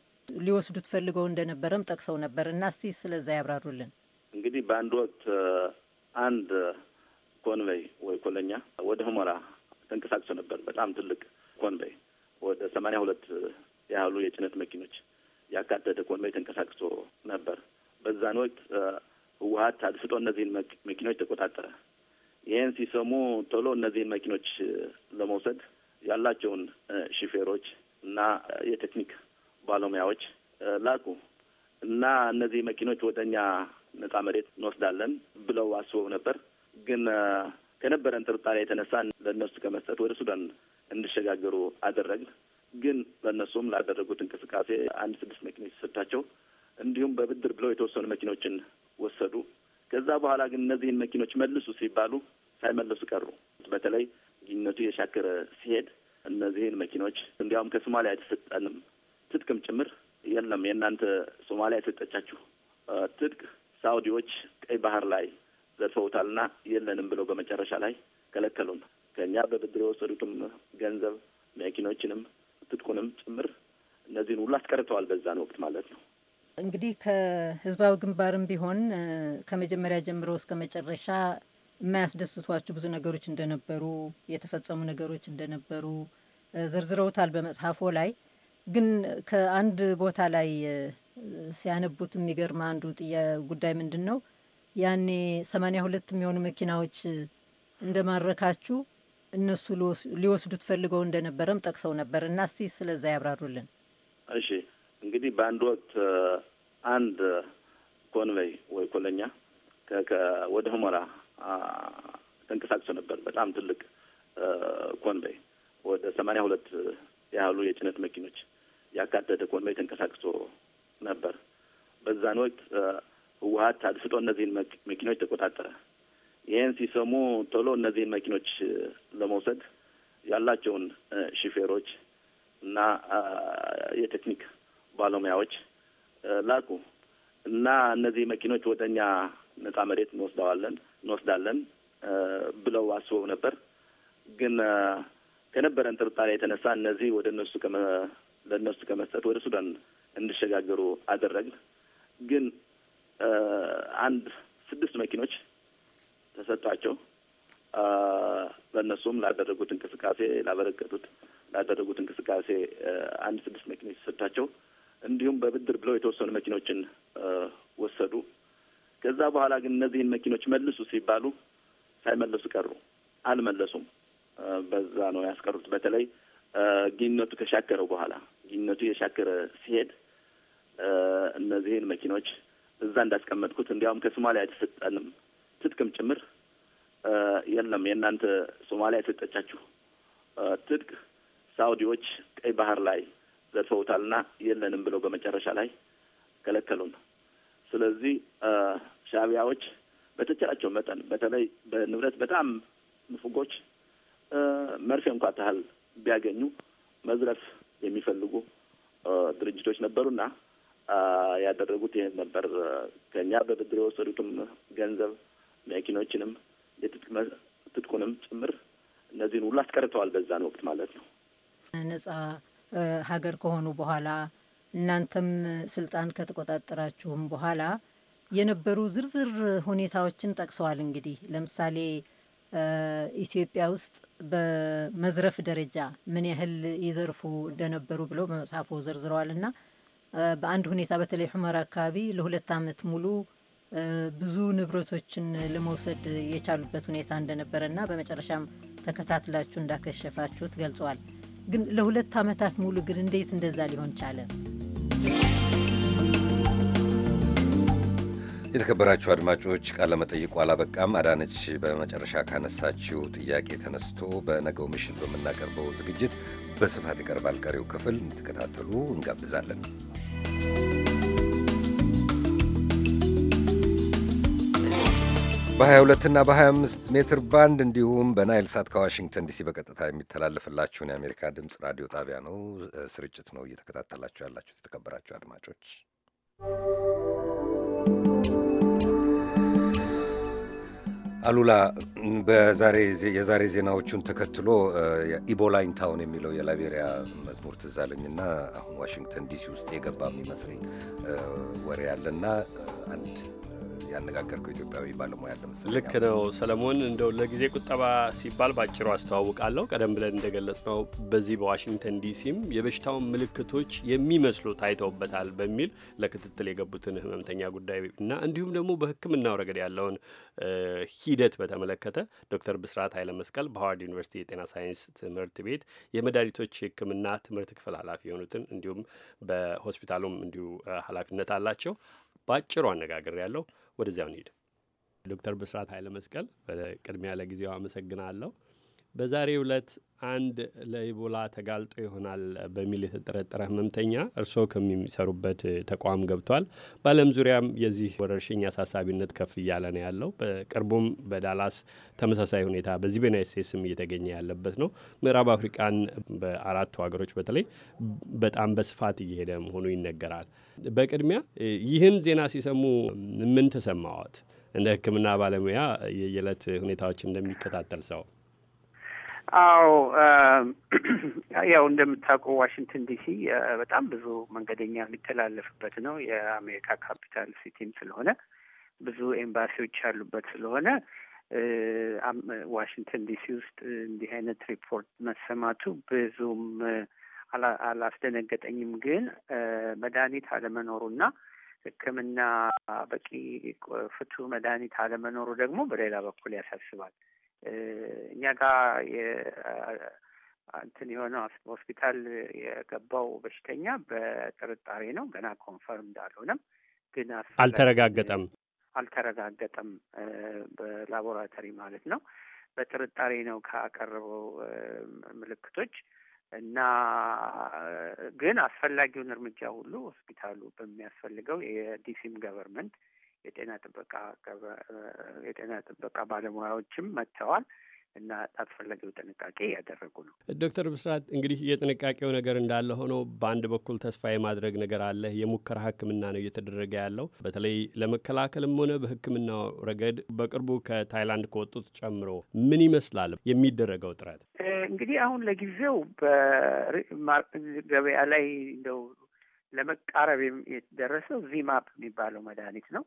ሊወስዱት ፈልገው እንደነበረም ጠቅሰው ነበር እና እስቲ ስለዛ ያብራሩልን። እንግዲህ በአንድ ወቅት አንድ ኮንቬይ ወይ ኮለኛ ወደ ሁመራ ተንቀሳቅሶ ነበር። በጣም ትልቅ ኮንቬይ ወደ ሰማንያ ሁለት ያህሉ የጭነት መኪኖች ያካተተ ኮንቬይ ተንቀሳቅሶ ነበር። በዛን ወቅት ህወሀት አድፍጦ እነዚህን መኪኖች ተቆጣጠረ። ይህን ሲሰሙ ቶሎ እነዚህን መኪኖች ለመውሰድ ያላቸውን ሽፌሮች እና የቴክኒክ ባለሙያዎች ላኩ እና እነዚህ መኪኖች ወደ እኛ ነጻ መሬት እንወስዳለን ብለው አስበው ነበር። ግን ከነበረን ጥርጣሬ የተነሳ ለእነሱ ከመስጠት ወደ ሱዳን እንዲሸጋገሩ አደረግን። ግን ለእነሱም ላደረጉት እንቅስቃሴ አንድ ስድስት መኪኖች ሰጥታቸው እንዲሁም በብድር ብለው የተወሰኑ መኪኖችን ወሰዱ። ከዛ በኋላ ግን እነዚህን መኪኖች መልሱ ሲባሉ ሳይመለሱ ቀሩ። በተለይ ልዩነቱ የሻከረ ሲሄድ እነዚህን መኪኖች እንዲያውም ከሶማሊያ አይተሰጠንም ትጥቅም ጭምር የለም የእናንተ ሶማሊያ የሰጠቻችሁ ትጥቅ ሳውዲዎች ቀይ ባህር ላይ ዘርፈውታልና የለንም ብለው በመጨረሻ ላይ ከለከሉን። ከእኛ በብድር የወሰዱትም ገንዘብ መኪኖችንም ትጥቁንም ጭምር እነዚህን ሁሉ አስቀርተዋል። በዛን ወቅት ማለት ነው። እንግዲህ ከህዝባዊ ግንባርም ቢሆን ከመጀመሪያ ጀምሮ እስከ መጨረሻ የማያስደስቷቸው ብዙ ነገሮች እንደነበሩ፣ የተፈጸሙ ነገሮች እንደነበሩ ዘርዝረውታል በመጽሐፎ ላይ። ግን ከአንድ ቦታ ላይ ሲያነቡት የሚገርም አንዱ ጉዳይ ምንድን ነው ያኔ ሰማንያ ሁለት የሚሆኑ መኪናዎች እንደማረካችሁ እነሱ ሊወስዱት ፈልገው እንደነበረም ጠቅሰው ነበር እና እስቲ ስለዛ ያብራሩልን። እሺ እንግዲህ በአንድ ወቅት አንድ ኮንቬይ ወይ ኮለኛ ወደ ሁመራ ተንቀሳቅሶ ነበር። በጣም ትልቅ ኮንቬይ ወደ ሰማንያ ሁለት ያህሉ የጭነት መኪኖች ያካተተ ኮንቬይ ተንቀሳቅሶ ነበር። በዛን ወቅት ህወሀት አድፍጦ እነዚህን መኪኖች ተቆጣጠረ። ይህን ሲሰሙ ቶሎ እነዚህን መኪኖች ለመውሰድ ያላቸውን ሽፌሮች እና የቴክኒክ ባለሙያዎች ላኩ እና እነዚህ መኪኖች ወደ እኛ ነጻ መሬት እንወስደዋለን እንወስዳለን ብለው አስበው ነበር። ግን ከነበረን ጥርጣሬ የተነሳ እነዚህ ወደ እነሱ ለእነሱ ከመስጠት ወደ ሱዳን እንዲሸጋገሩ አደረግን። ግን አንድ ስድስት መኪኖች ተሰጧቸው። በእነሱም ላደረጉት እንቅስቃሴ ላበረከቱት ላደረጉት እንቅስቃሴ አንድ ስድስት መኪኖች ተሰጥቷቸው እንዲሁም በብድር ብለው የተወሰኑ መኪኖችን ወሰዱ። ከዛ በኋላ ግን እነዚህን መኪኖች መልሱ ሲባሉ ሳይመለሱ ቀሩ። አልመለሱም። በዛ ነው ያስቀሩት። በተለይ ግንኙነቱ ከሻከረው በኋላ ግንኙነቱ የሻከረ ሲሄድ እነዚህን መኪኖች እዛ እንዳስቀመጥኩት እንዲያውም ከሶማሊያ የተሰጠንም ትጥቅም ጭምር የለም የእናንተ ሶማሊያ የሰጠቻችሁ ትጥቅ ሳውዲዎች ቀይ ባህር ላይ ዘርፈውታልና የለንም ብለው በመጨረሻ ላይ ከለከሉን። ስለዚህ ሻቢያዎች በተቻላቸው መጠን በተለይ በንብረት በጣም ንፉጎች መርፌ እንኳ ታህል ቢያገኙ መዝረፍ የሚፈልጉ ድርጅቶች ነበሩና ያደረጉት ይህን ነበር። ከእኛ በብድር የወሰዱትም ገንዘብ መኪኖችንም፣ የትጥቁንም ጭምር እነዚህን ሁሉ አስቀርተዋል። በዛን ወቅት ማለት ነው ነጻ ሀገር ከሆኑ በኋላ እናንተም ስልጣን ከተቆጣጠራችሁም በኋላ የነበሩ ዝርዝር ሁኔታዎችን ጠቅሰዋል። እንግዲህ ለምሳሌ ኢትዮጵያ ውስጥ በመዝረፍ ደረጃ ምን ያህል ይዘርፉ እንደነበሩ ብለው በመጽሐፎ ዘርዝረዋል እና በአንድ ሁኔታ በተለይ ሑመራ አካባቢ ለሁለት ዓመት ሙሉ ብዙ ንብረቶችን ለመውሰድ የቻሉበት ሁኔታ እንደነበረ እና በመጨረሻም ተከታትላችሁ እንዳከሸፋችሁት ገልጸዋል። ግን ለሁለት ዓመታት ሙሉ ግን እንዴት እንደዛ ሊሆን ቻለ? የተከበራችሁ አድማጮች ቃለመጠይቁ አላበቃም። አዳነች በመጨረሻ ካነሳችው ጥያቄ ተነስቶ በነገው ምሽት በምናቀርበው ዝግጅት በስፋት ይቀርባል። ቀሪው ክፍል እንድትከታተሉ እንጋብዛለን። በ 22 እና በ25 ሜትር ባንድ እንዲሁም በናይል ሳት ከዋሽንግተን ዲሲ በቀጥታ የሚተላለፍላችሁን የአሜሪካ ድምፅ ራዲዮ ጣቢያ ነው ስርጭት ነው እየተከታተላችሁ ያላችሁ የተከበራችሁ አድማጮች። አሉላ የዛሬ ዜናዎቹን ተከትሎ ኢቦላ ታውን የሚለው የላይቤሪያ መዝሙር ትዝ አለኝና አሁን ዋሽንግተን ዲሲ ውስጥ የገባ የሚመስለኝ ወሬ ያለና አንድ ያነጋገርከው ኢትዮጵያዊ ባለሙያ ለምሳሌ ልክ ነው ሰለሞን። እንደው ለጊዜ ቁጠባ ሲባል ባጭሩ አስተዋውቃለሁ። ቀደም ብለን እንደገለጽ ነው በዚህ በዋሽንግተን ዲሲም የበሽታውን ምልክቶች የሚመስሉ ታይተውበታል በሚል ለክትትል የገቡትን ህመምተኛ ጉዳይ እና እንዲሁም ደግሞ በሕክምናው ረገድ ያለውን ሂደት በተመለከተ ዶክተር ብስራት ኃይለ መስቀል በሀዋርድ ዩኒቨርሲቲ የጤና ሳይንስ ትምህርት ቤት የመድኃኒቶች ሕክምና ትምህርት ክፍል ኃላፊ የሆኑትን እንዲሁም በሆስፒታሉም እንዲሁ ኃላፊነት አላቸው። በአጭሩ አነጋግር ያለው ወደዚያው እንሂድ። ዶክተር ብስራት ኃይለ መስቀል በቅድሚያ ለጊዜው አመሰግናለሁ። በዛሬ ዕለት አንድ ለኢቦላ ተጋልጦ ይሆናል በሚል የተጠረጠረ ህመምተኛ እርስዎ ከሚሰሩበት ተቋም ገብቷል። በዓለም ዙሪያም የዚህ ወረርሽኝ አሳሳቢነት ከፍ እያለ ነው ያለው። በቅርቡም በዳላስ ተመሳሳይ ሁኔታ በዚህ በዩናይት ስቴትስም እየተገኘ ያለበት ነው። ምዕራብ አፍሪቃን በአራቱ ሀገሮች በተለይ በጣም በስፋት እየሄደ መሆኑ ይነገራል። በቅድሚያ ይህን ዜና ሲሰሙ ምን ተሰማዎት? እንደ ሕክምና ባለሙያ የየዕለት ሁኔታዎች እንደሚከታተል ሰው አዎ ያው እንደምታውቀው ዋሽንግተን ዲሲ በጣም ብዙ መንገደኛ የሚተላለፍበት ነው። የአሜሪካ ካፒታል ሲቲም ስለሆነ ብዙ ኤምባሲዎች ያሉበት ስለሆነ ዋሽንግተን ዲሲ ውስጥ እንዲህ አይነት ሪፖርት መሰማቱ ብዙም አላስደነገጠኝም። ግን መድኃኒት አለመኖሩና ሕክምና በቂ ፍቱህ መድኃኒት አለመኖሩ ደግሞ በሌላ በኩል ያሳስባል። እኛ ጋር እንትን የሆነ ሆስፒታል የገባው በሽተኛ በጥርጣሬ ነው። ገና ኮንፈርም እንዳልሆነም ግን አልተረጋገጠም አልተረጋገጠም በላቦራቶሪ ማለት ነው። በጥርጣሬ ነው ካቀረበው ምልክቶች እና ግን አስፈላጊውን እርምጃ ሁሉ ሆስፒታሉ በሚያስፈልገው የዲሲም ገቨርንመንት የጤና ጥበቃ የጤና ጥበቃ ባለሙያዎችም መጥተዋል እና አስፈላጊው ጥንቃቄ እያደረጉ ነው። ዶክተር ብስራት እንግዲህ የጥንቃቄው ነገር እንዳለ ሆኖ በአንድ በኩል ተስፋ የማድረግ ነገር አለ። የሙከራ ሕክምና ነው እየተደረገ ያለው በተለይ ለመከላከልም ሆነ በሕክምናው ረገድ በቅርቡ ከታይላንድ ከወጡት ጨምሮ ምን ይመስላል የሚደረገው ጥረት? እንግዲህ አሁን ለጊዜው በገበያ ላይ እንደው ለመቃረብ የደረሰው ዚማፕ የሚባለው መድኃኒት ነው።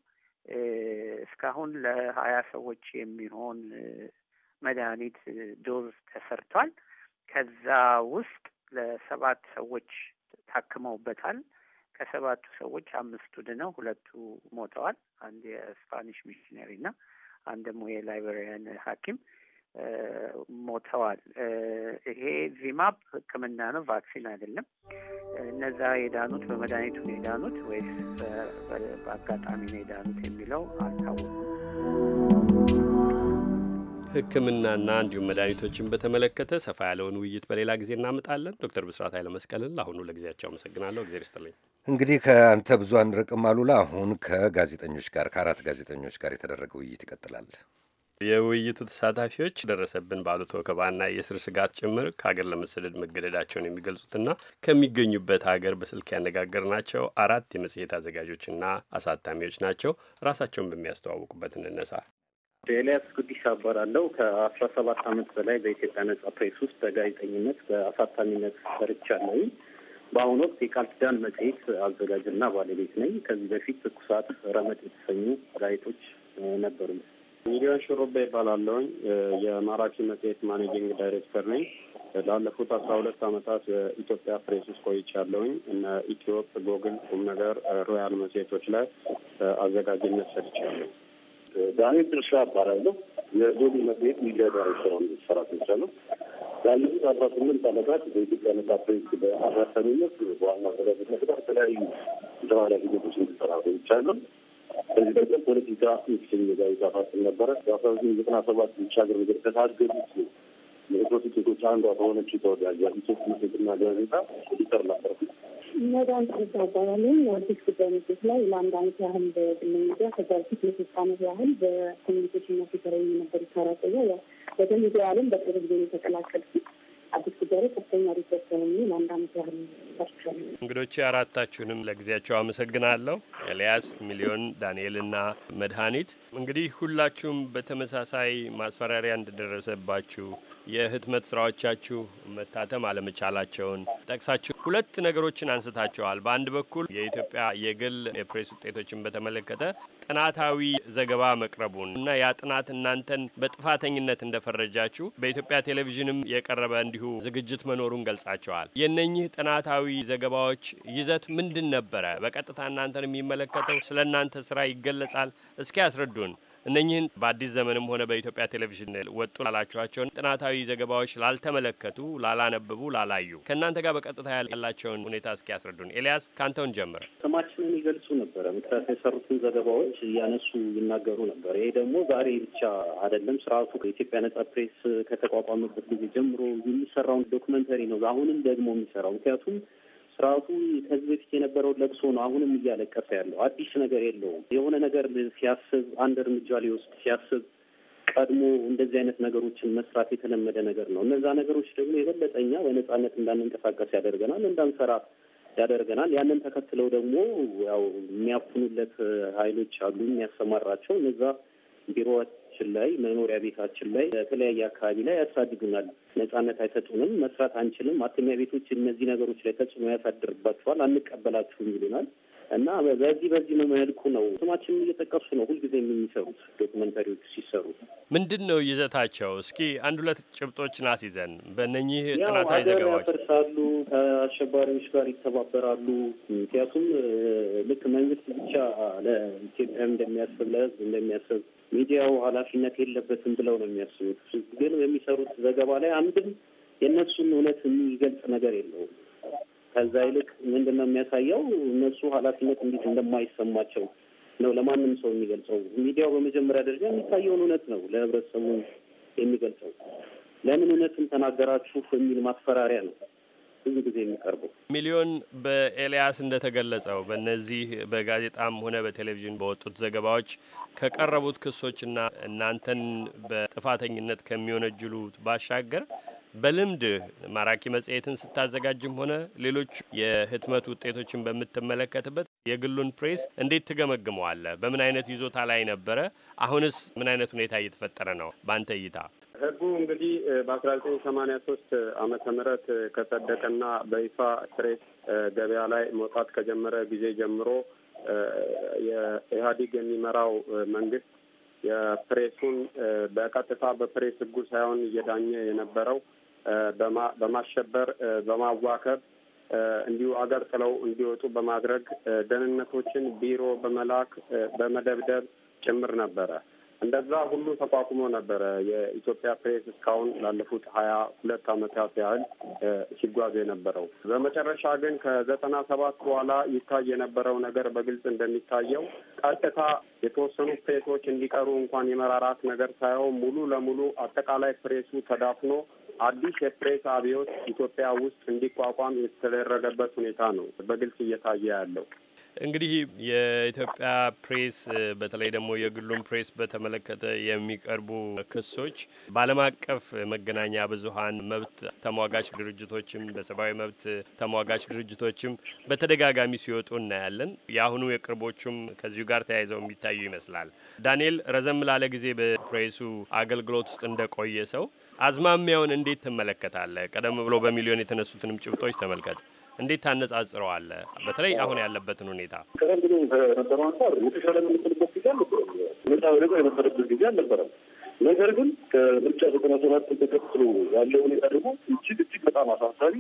እስካሁን ለሀያ ሰዎች የሚሆን መድኃኒት ዶዝ ተሰርቷል። ከዛ ውስጥ ለሰባት ሰዎች ታክመውበታል። ከሰባቱ ሰዎች አምስቱ ድነው ሁለቱ ሞተዋል። አንድ የስፓኒሽ ሚሽነሪ እና አንድ ደግሞ የላይበሪያን ሐኪም ሞተዋል። ይሄ ቪማፕ ሕክምና ነው፣ ቫክሲን አይደለም። እነዛ የዳኑት በመድኃኒቱ ነው የዳኑት ወይስ በአጋጣሚ ነው የዳኑት የሚለው አልታወቁም። ሕክምናና እንዲሁም መድኃኒቶችን በተመለከተ ሰፋ ያለውን ውይይት በሌላ ጊዜ እናመጣለን። ዶክተር ብስራት ኃይለመስቀልን ለአሁኑ ለጊዜያቸው አመሰግናለሁ። እግዜር ይስጥልኝ። እንግዲህ ከአንተ ብዙ አንርቅም አሉላ። አሁን ከጋዜጠኞች ጋር ከአራት ጋዜጠኞች ጋር የተደረገ ውይይት ይቀጥላል። የውይይቱ ተሳታፊዎች ደረሰብን ባሉት ወከባና የስር ስጋት ጭምር ከሀገር ለመሰደድ መገደዳቸውን የሚገልጹትና ከሚገኙበት ሀገር በስልክ ያነጋገር ናቸው አራት የመጽሔት አዘጋጆችና አሳታሚዎች ናቸው። ራሳቸውን በሚያስተዋውቁበት እንነሳ። ኤልያስ ጉዲሳ እባላለሁ። ከአስራ ሰባት ዓመት በላይ በኢትዮጵያ ነጻ ፕሬስ ውስጥ በጋዜጠኝነት በአሳታሚነት ሰርቻለሁ። በአሁኑ ወቅት የቃል ኪዳን መጽሔት አዘጋጅና ባለቤት ነኝ። ከዚህ በፊት ትኩሳት፣ ረመድ የተሰኙ ጋዜጦች ነበሩ። ሚሊዮን ሹሩባ ይባላለውኝ የማራኪ መጽሔት ማኔጂንግ ዳይሬክተር ነኝ። ላለፉት አስራ ሁለት አመታት በኢትዮጵያ ፕሬስ ውስጥ ቆይቻለሁኝ። እነ ኢትዮፕ፣ ጎግል፣ ቁም ነገር፣ ሮያል መጽሔቶች ላይ አዘጋጅነት ሰርቻለሁ። ዳኒ ድርሻ እባላለሁ። የጎግል መጽሔት ሚዲያ ዳይሬክተር ሰራት ይቻለሁ። ላለፉት አስራ ስምንት አመታት በኢትዮጵያ ነጻ ፕሬስ በአራተኝነት በዋና አዘጋጅነት ጋር የተለያዩ ተባላ ሂደቶች እንዲሰራ ቆይቻለሁ። በዚህ ደግሞ ፖለቲካ ሚክስል ጋዜጣ ፋሲል ነበረ። በአስራ ዘጠኝ ዘጠና ሰባት ብቻ ሀገር ነገር ከታገዱት የኤትሮስ ሴቶች አንዷ በሆነች ተወዳጅ የአዲሶች መሴትና ጋዜጣ ሊጠር ነበር። መዳን ይባባላለን አዲስ ጉዳይ መጽሔት ላይ ለአንድ አመት ያህል በግል ከዛ በፊት ለሶስት አመት ያህል በኮሚኒኬሽን ና ሴተራ ነበር ይሰራ ቆያ በተሚዲያ አለም በቅርብ ጊዜ የተቀላቀልኩት አዲስ ጉዳይ ከፍተኛ ሪሰርች በሚል አንድ አመት ያህል እንግዶቼ አራታችሁንም ለጊዜያቸው አመሰግናለሁ። ኤልያስ፣ ሚሊዮን፣ ዳንኤልና መድኃኒት። እንግዲህ ሁላችሁም በተመሳሳይ ማስፈራሪያ እንደደረሰባችሁ የህትመት ስራዎቻችሁ መታተም አለመቻላቸውን ጠቅሳችሁ ሁለት ነገሮችን አንስታችኋል። በአንድ በኩል የኢትዮጵያ የግል የፕሬስ ውጤቶችን በተመለከተ ጥናታዊ ዘገባ መቅረቡን እና ያ ጥናት እናንተን በጥፋተኝነት እንደፈረጃችሁ በኢትዮጵያ ቴሌቪዥንም የቀረበ እንዲሁ ዝግጅት መኖሩን ገልጻቸዋል። የእነኚህ ጥናታዊ ዘገባዎች ይዘት ምንድን ነበረ? በቀጥታ እናንተን የሚመለከተው ስለ እናንተ ስራ ይገለጻል። እስኪ አስረዱን። እነኚህን በአዲስ ዘመንም ሆነ በኢትዮጵያ ቴሌቪዥን ወጡ ላላችኋቸውን ጥናታዊ ዘገባዎች ላልተመለከቱ፣ ላላነበቡ፣ ላላዩ ከእናንተ ጋር በቀጥታ ያላቸውን ሁኔታ እስኪ ያስረዱን። ኤልያስ ካንተውን ጀምረ። ስማችንን ይገልጹ ነበረ። ምክንያቱ የሰሩትን ዘገባዎች እያነሱ ይናገሩ ነበር። ይሄ ደግሞ ዛሬ ብቻ አይደለም። ስርዓቱ ከኢትዮጵያ ነጻ ፕሬስ ከተቋቋመበት ጊዜ ጀምሮ የሚሰራውን ዶክመንተሪ ነው አሁንም ደግሞ የሚሰራው ምክንያቱም ስርዓቱ ከዚህ በፊት የነበረውን ለቅሶ ነው አሁንም እያለቀሰ ያለው። አዲስ ነገር የለውም። የሆነ ነገር ሲያስብ አንድ እርምጃ ሊወስድ ሲያስብ ቀድሞ እንደዚህ አይነት ነገሮችን መስራት የተለመደ ነገር ነው። እነዛ ነገሮች ደግሞ የበለጠ እኛ በነጻነት እንዳንንቀሳቀስ ያደርገናል፣ እንዳንሰራ ያደርገናል። ያንን ተከትለው ደግሞ ያው የሚያፍኑለት ኃይሎች አሉ የሚያሰማራቸው እነዛ ቢሮችን ላይ መኖሪያ ቤታችን ላይ በተለያየ አካባቢ ላይ ያሳድዱናል። ነጻነት አይሰጡንም፣ መስራት አንችልም፣ ማተሚያ ቤቶች እነዚህ ነገሮች ላይ ተጽዕኖ ያሳድርባቸዋል፣ አንቀበላችሁም ይሉናል። እና በዚህ በዚህ መልኩ ነው ስማችን እየጠቀሱ ነው ሁልጊዜ የሚሰሩት ዶክመንተሪዎች ሲሰሩ። ምንድን ነው ይዘታቸው? እስኪ አንድ ሁለት ጭብጦችን አስይዘን በእነኚህ ጥናታዊ ዘገባዎች ያፈርሳሉ፣ ከአሸባሪዎች ጋር ይተባበራሉ። ምክንያቱም ልክ መንግስት ብቻ ለኢትዮጵያ እንደሚያስብ ለህዝብ እንደሚያስብ ሚዲያው ኃላፊነት የለበትም ብለው ነው የሚያስቡት። ግን የሚሰሩት ዘገባ ላይ አንድም የእነሱን እውነት የሚገልጽ ነገር የለውም። ከዛ ይልቅ ምንድን ነው የሚያሳየው እነሱ ኃላፊነት እንዴት እንደማይሰማቸው ነው ለማንም ሰው የሚገልጸው። ሚዲያው በመጀመሪያ ደረጃ የሚታየውን እውነት ነው ለህብረተሰቡ የሚገልጸው። ለምን እውነትን ተናገራችሁ የሚል ማስፈራሪያ ነው ብዙ ጊዜ የሚቀርበው። ሚሊዮን በኤልያስ እንደተገለጸው በእነዚህ በጋዜጣም ሆነ በቴሌቪዥን በወጡት ዘገባዎች ከቀረቡት ክሶችና እናንተን በጥፋተኝነት ከሚወነጅሉት ባሻገር በልምድ ማራኪ መጽሔትን ስታዘጋጅም ሆነ ሌሎች የህትመት ውጤቶችን በምትመለከትበት የግሉን ፕሬስ እንዴት ትገመግመዋለህ? በምን አይነት ይዞታ ላይ ነበረ? አሁንስ ምን አይነት ሁኔታ እየተፈጠረ ነው በአንተ እይታ? ህጉ እንግዲህ በአስራ ዘጠኝ ሰማንያ ሶስት አመተ ምህረት ከጸደቀና በይፋ ፕሬስ ገበያ ላይ መውጣት ከጀመረ ጊዜ ጀምሮ የኢህአዲግ የሚመራው መንግስት የፕሬሱን በቀጥታ በፕሬስ ህጉ ሳይሆን እየዳኘ የነበረው በማሸበር በማዋከብ እንዲሁ አገር ጥለው እንዲወጡ በማድረግ ደህንነቶችን ቢሮ በመላክ በመደብደብ ጭምር ነበረ። እንደዛ ሁሉ ተቋቁሞ ነበረ የኢትዮጵያ ፕሬስ እስካሁን ላለፉት ሀያ ሁለት ዓመታት ያህል ሲጓዝ የነበረው። በመጨረሻ ግን ከዘጠና ሰባት በኋላ ይታይ የነበረው ነገር በግልጽ እንደሚታየው ቀጥታ የተወሰኑ ፕሬሶች እንዲቀሩ እንኳን የመራራት ነገር ሳይሆን ሙሉ ለሙሉ አጠቃላይ ፕሬሱ ተዳፍኖ አዲስ የፕሬስ አብዮት ኢትዮጵያ ውስጥ እንዲቋቋም የተደረገበት ሁኔታ ነው በግልጽ እየታየ ያለው። እንግዲህ የኢትዮጵያ ፕሬስ በተለይ ደግሞ የግሉን ፕሬስ በተመለከተ የሚቀርቡ ክሶች በዓለም አቀፍ መገናኛ ብዙኃን መብት ተሟጋች ድርጅቶችም በሰብአዊ መብት ተሟጋች ድርጅቶችም በተደጋጋሚ ሲወጡ እናያለን። የአሁኑ የቅርቦቹም ከዚሁ ጋር ተያይዘው የሚታዩ ይመስላል። ዳንኤል ረዘም ላለ ጊዜ በፕሬሱ አገልግሎት ውስጥ እንደቆየ ሰው አዝማሚያውን እንዴት ትመለከታለህ? ቀደም ብሎ በሚሊዮን የተነሱትንም ጭብጦች ተመልከት። እንዴት ታነጻጽረዋለህ? በተለይ አሁን ያለበትን ሁኔታ ነገር ግን ከምርጫ ዘጠና ሰባት ተከትሎ ያለው ሁኔታ ደግሞ እጅግ እጅግ በጣም አሳሳቢ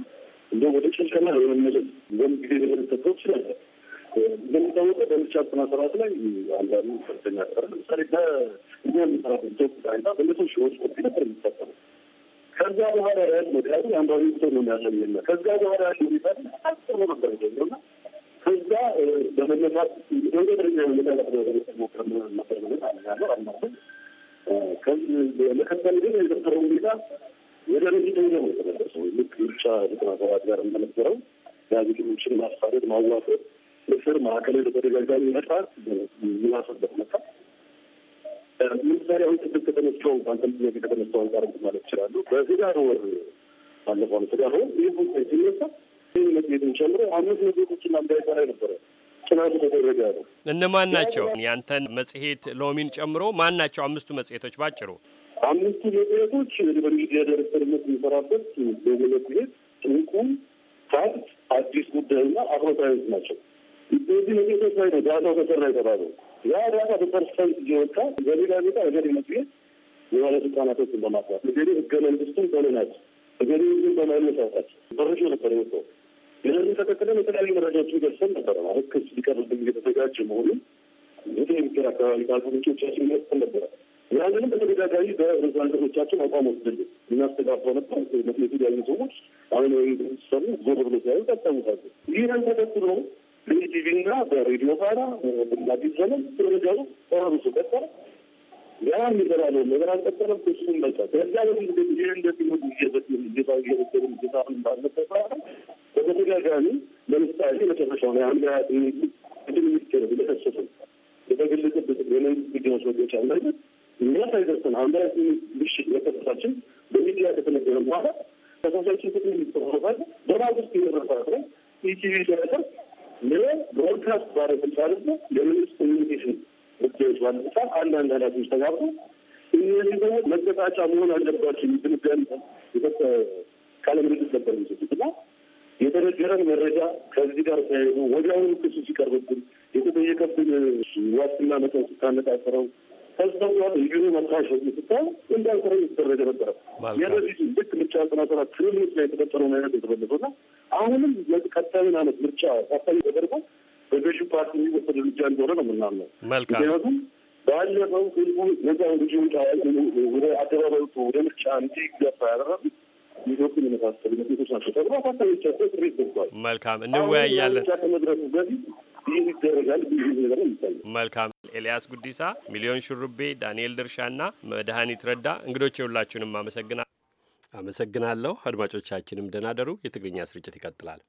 እንደ ወደ ጭንቀና የመመለስ ወም ጊዜ ሊሆን ይችላል እንደሚታወቀው በምርጫ ዘጠና ሰባት ላይ አንዳንዱ ከፍተኛ ቁጥር ለምሳሌ በእኛ የምንሰራበት ኢትዮጵያ ና በመቶ ሺዎች ኮፒ ነበር የሚሰጠው። ከዛ በኋላ ያህል መዳሩ አንዳንዱ ሰው ነው ያለ ይና ከዛ በኋላ ያህል የሚባል አጥሩ ነበር ያለው ና ከዛ በመነሳት ደንገደኛ መነሳት ሞክረ ነበር ማለት አለ አልማትም መከተል ግን የነበረው ሁኔታ ወደ በፊት ነው የተመለሰው። ልክ ምርጫ ዘጠና ሰባት ጋር እንደነበረው ጋዜጠኞችን ማሳደድ ማዋፈር ምስር ማዕከላዊ በተደጋጋሚ መጥፋት ምናስበት መጣ። ምሳሌ አሁን ቅድም ከተነስተው ባንተም ጥያቄ ከተነስተው አንጻር ማለት ይችላሉ። በህዳር ወር ባለፈው ነው ህዳር ወር ይህ ጉዳይ ሲነሳ ይህ መጽሔትን ጨምሮ አምስት መጽሔቶችና እንዳይሰራ ነበረ ጥናቱ ተደረገ ያለው እነማን ናቸው? ያንተን መጽሄት ሎሚን ጨምሮ ማን ናቸው አምስቱ መጽሄቶች? ባጭሩ? አምስቱ መጽሄቶች በሚዲያ ዳይሬክተርነት የሚሰራበት ሎሚ መጽሄት፣ ጥንቁ፣ ሳት፣ አዲስ ጉዳይና አፍሮ ሳይንስ ናቸው። እዚህ መቄቶች ላይ ነው ዳታው ተሰራ የተባለው። ያ ዳታ በፐርሰንት እየወጣ በሌላ ቤታ እገሌ መስጌት የባለስልጣናቶችን በማጥራት እገሌ ህገ መንግስቱን በልናት እገሌ ህዝብን በማነሳሳት መረጃ ነበር የወጣው። ይህንን ተከትለን የተለያዩ መረጃዎችን ደርሰን ነበር። ማለት ክስ ሊቀርብብን እየተዘጋጀ መሆኑን ዘጠኝ ሚኒስቴር አካባቢ ካሉ ምንጮቻችን ይመስል ነበረ። ያንንም በተደጋጋሚ በርዕሰ አቋም ወስድልን እናስተጋባ ነበር። የተለያዩ ሰዎች አሁን ሰሙ ዞር ብሎ ሲያዩ ታስታውሳለህ። ይህን ተከትሎ በኢቲቪና በሬዲዮ ጋራ በአዲስ ዘመን ስለነገሩ ጦርነቱ ቀጠለ። ያ የሚበላለው ነገር አልቀጠለም። እሱም በቃ ከዛ በፊት ይህ እንደዚህ ነው ጌታ እየበደሉ ጌታን ባለበት በተደጋጋሚ ለምሳሌ መጨረሻው ላይ አንድ ሀያ ስምንት ቅድም ሚኒስቴር ለከሰሱ የተግል የመንግስት ጊዜዎች ወገቻ ላይ እኛ ሳይደርሰን አንድ ሀያ ስምንት ምሽት መከሰሳችን በሚዲያ ከተነገረ በኋላ ከሳሳችን ፍትህ ሚኒስትር በማግስት የደረሰ ላይ ኢቲቪ ደረሰ ሌላው ብሮድካስት ነው የመንግስት ኮሚኒኬሽን ጉዳዮች ባለስልጣን አንዳንድ ኃላፊዎች ተጋብቶ እነዚህ ደግሞ መገጣጫ መሆን አለባቸው የሚትንገን የሰጠ ቃለ ምልልስ ነበር ሚሰጡት እና የተነገረን መረጃ ከዚህ ጋር ተያይዞ ወዲያውኑ ክሱ ሲቀርብብን የተጠየቀብን ዋስትና መጠን ስታነጣጠረው ተስተውሏል። ልዩ መታሸ ስታይ እንዳልሰራ እየተደረገ ነበረ። የበዚህ ልክ ምርጫ ዘጠና ሰባት ክልሎች ላይ የተፈጠረው አይነት የተመለሰው እና አሁንም ቀጣዩን አመት ምርጫ ታሳቢ ተደርጎ በገዢ ፓርቲ የሚወሰድ እርምጃ እንደሆነ ነው የምናምነው። ምክንያቱም ባለፈው ህዝቡ ነዛ ልጅ ወደ አደባባይ ወጥቶ ወደ ምርጫ እንዲገባ ያደረጉት ሚዶክን የመሳሰሉ መሴቶች ናቸው ተብሎ አሳሳቢዎቻቸው ስሬት ገብቷል። መልካም እንወያያለን ከመድረሱ በፊት ይህ ይደረጋል። ብዙ ነገር ይታያል። መልካም ኤልያስ ጉዲሳ፣ ሚሊዮን ሹሩቤ፣ ዳንኤል ድርሻና መድኃኒት ረዳ እንግዶች የሁላችሁንም አመሰግና አመሰግናለሁ። አድማጮቻችንም ደናደሩ የትግርኛ ስርጭት ይቀጥላል።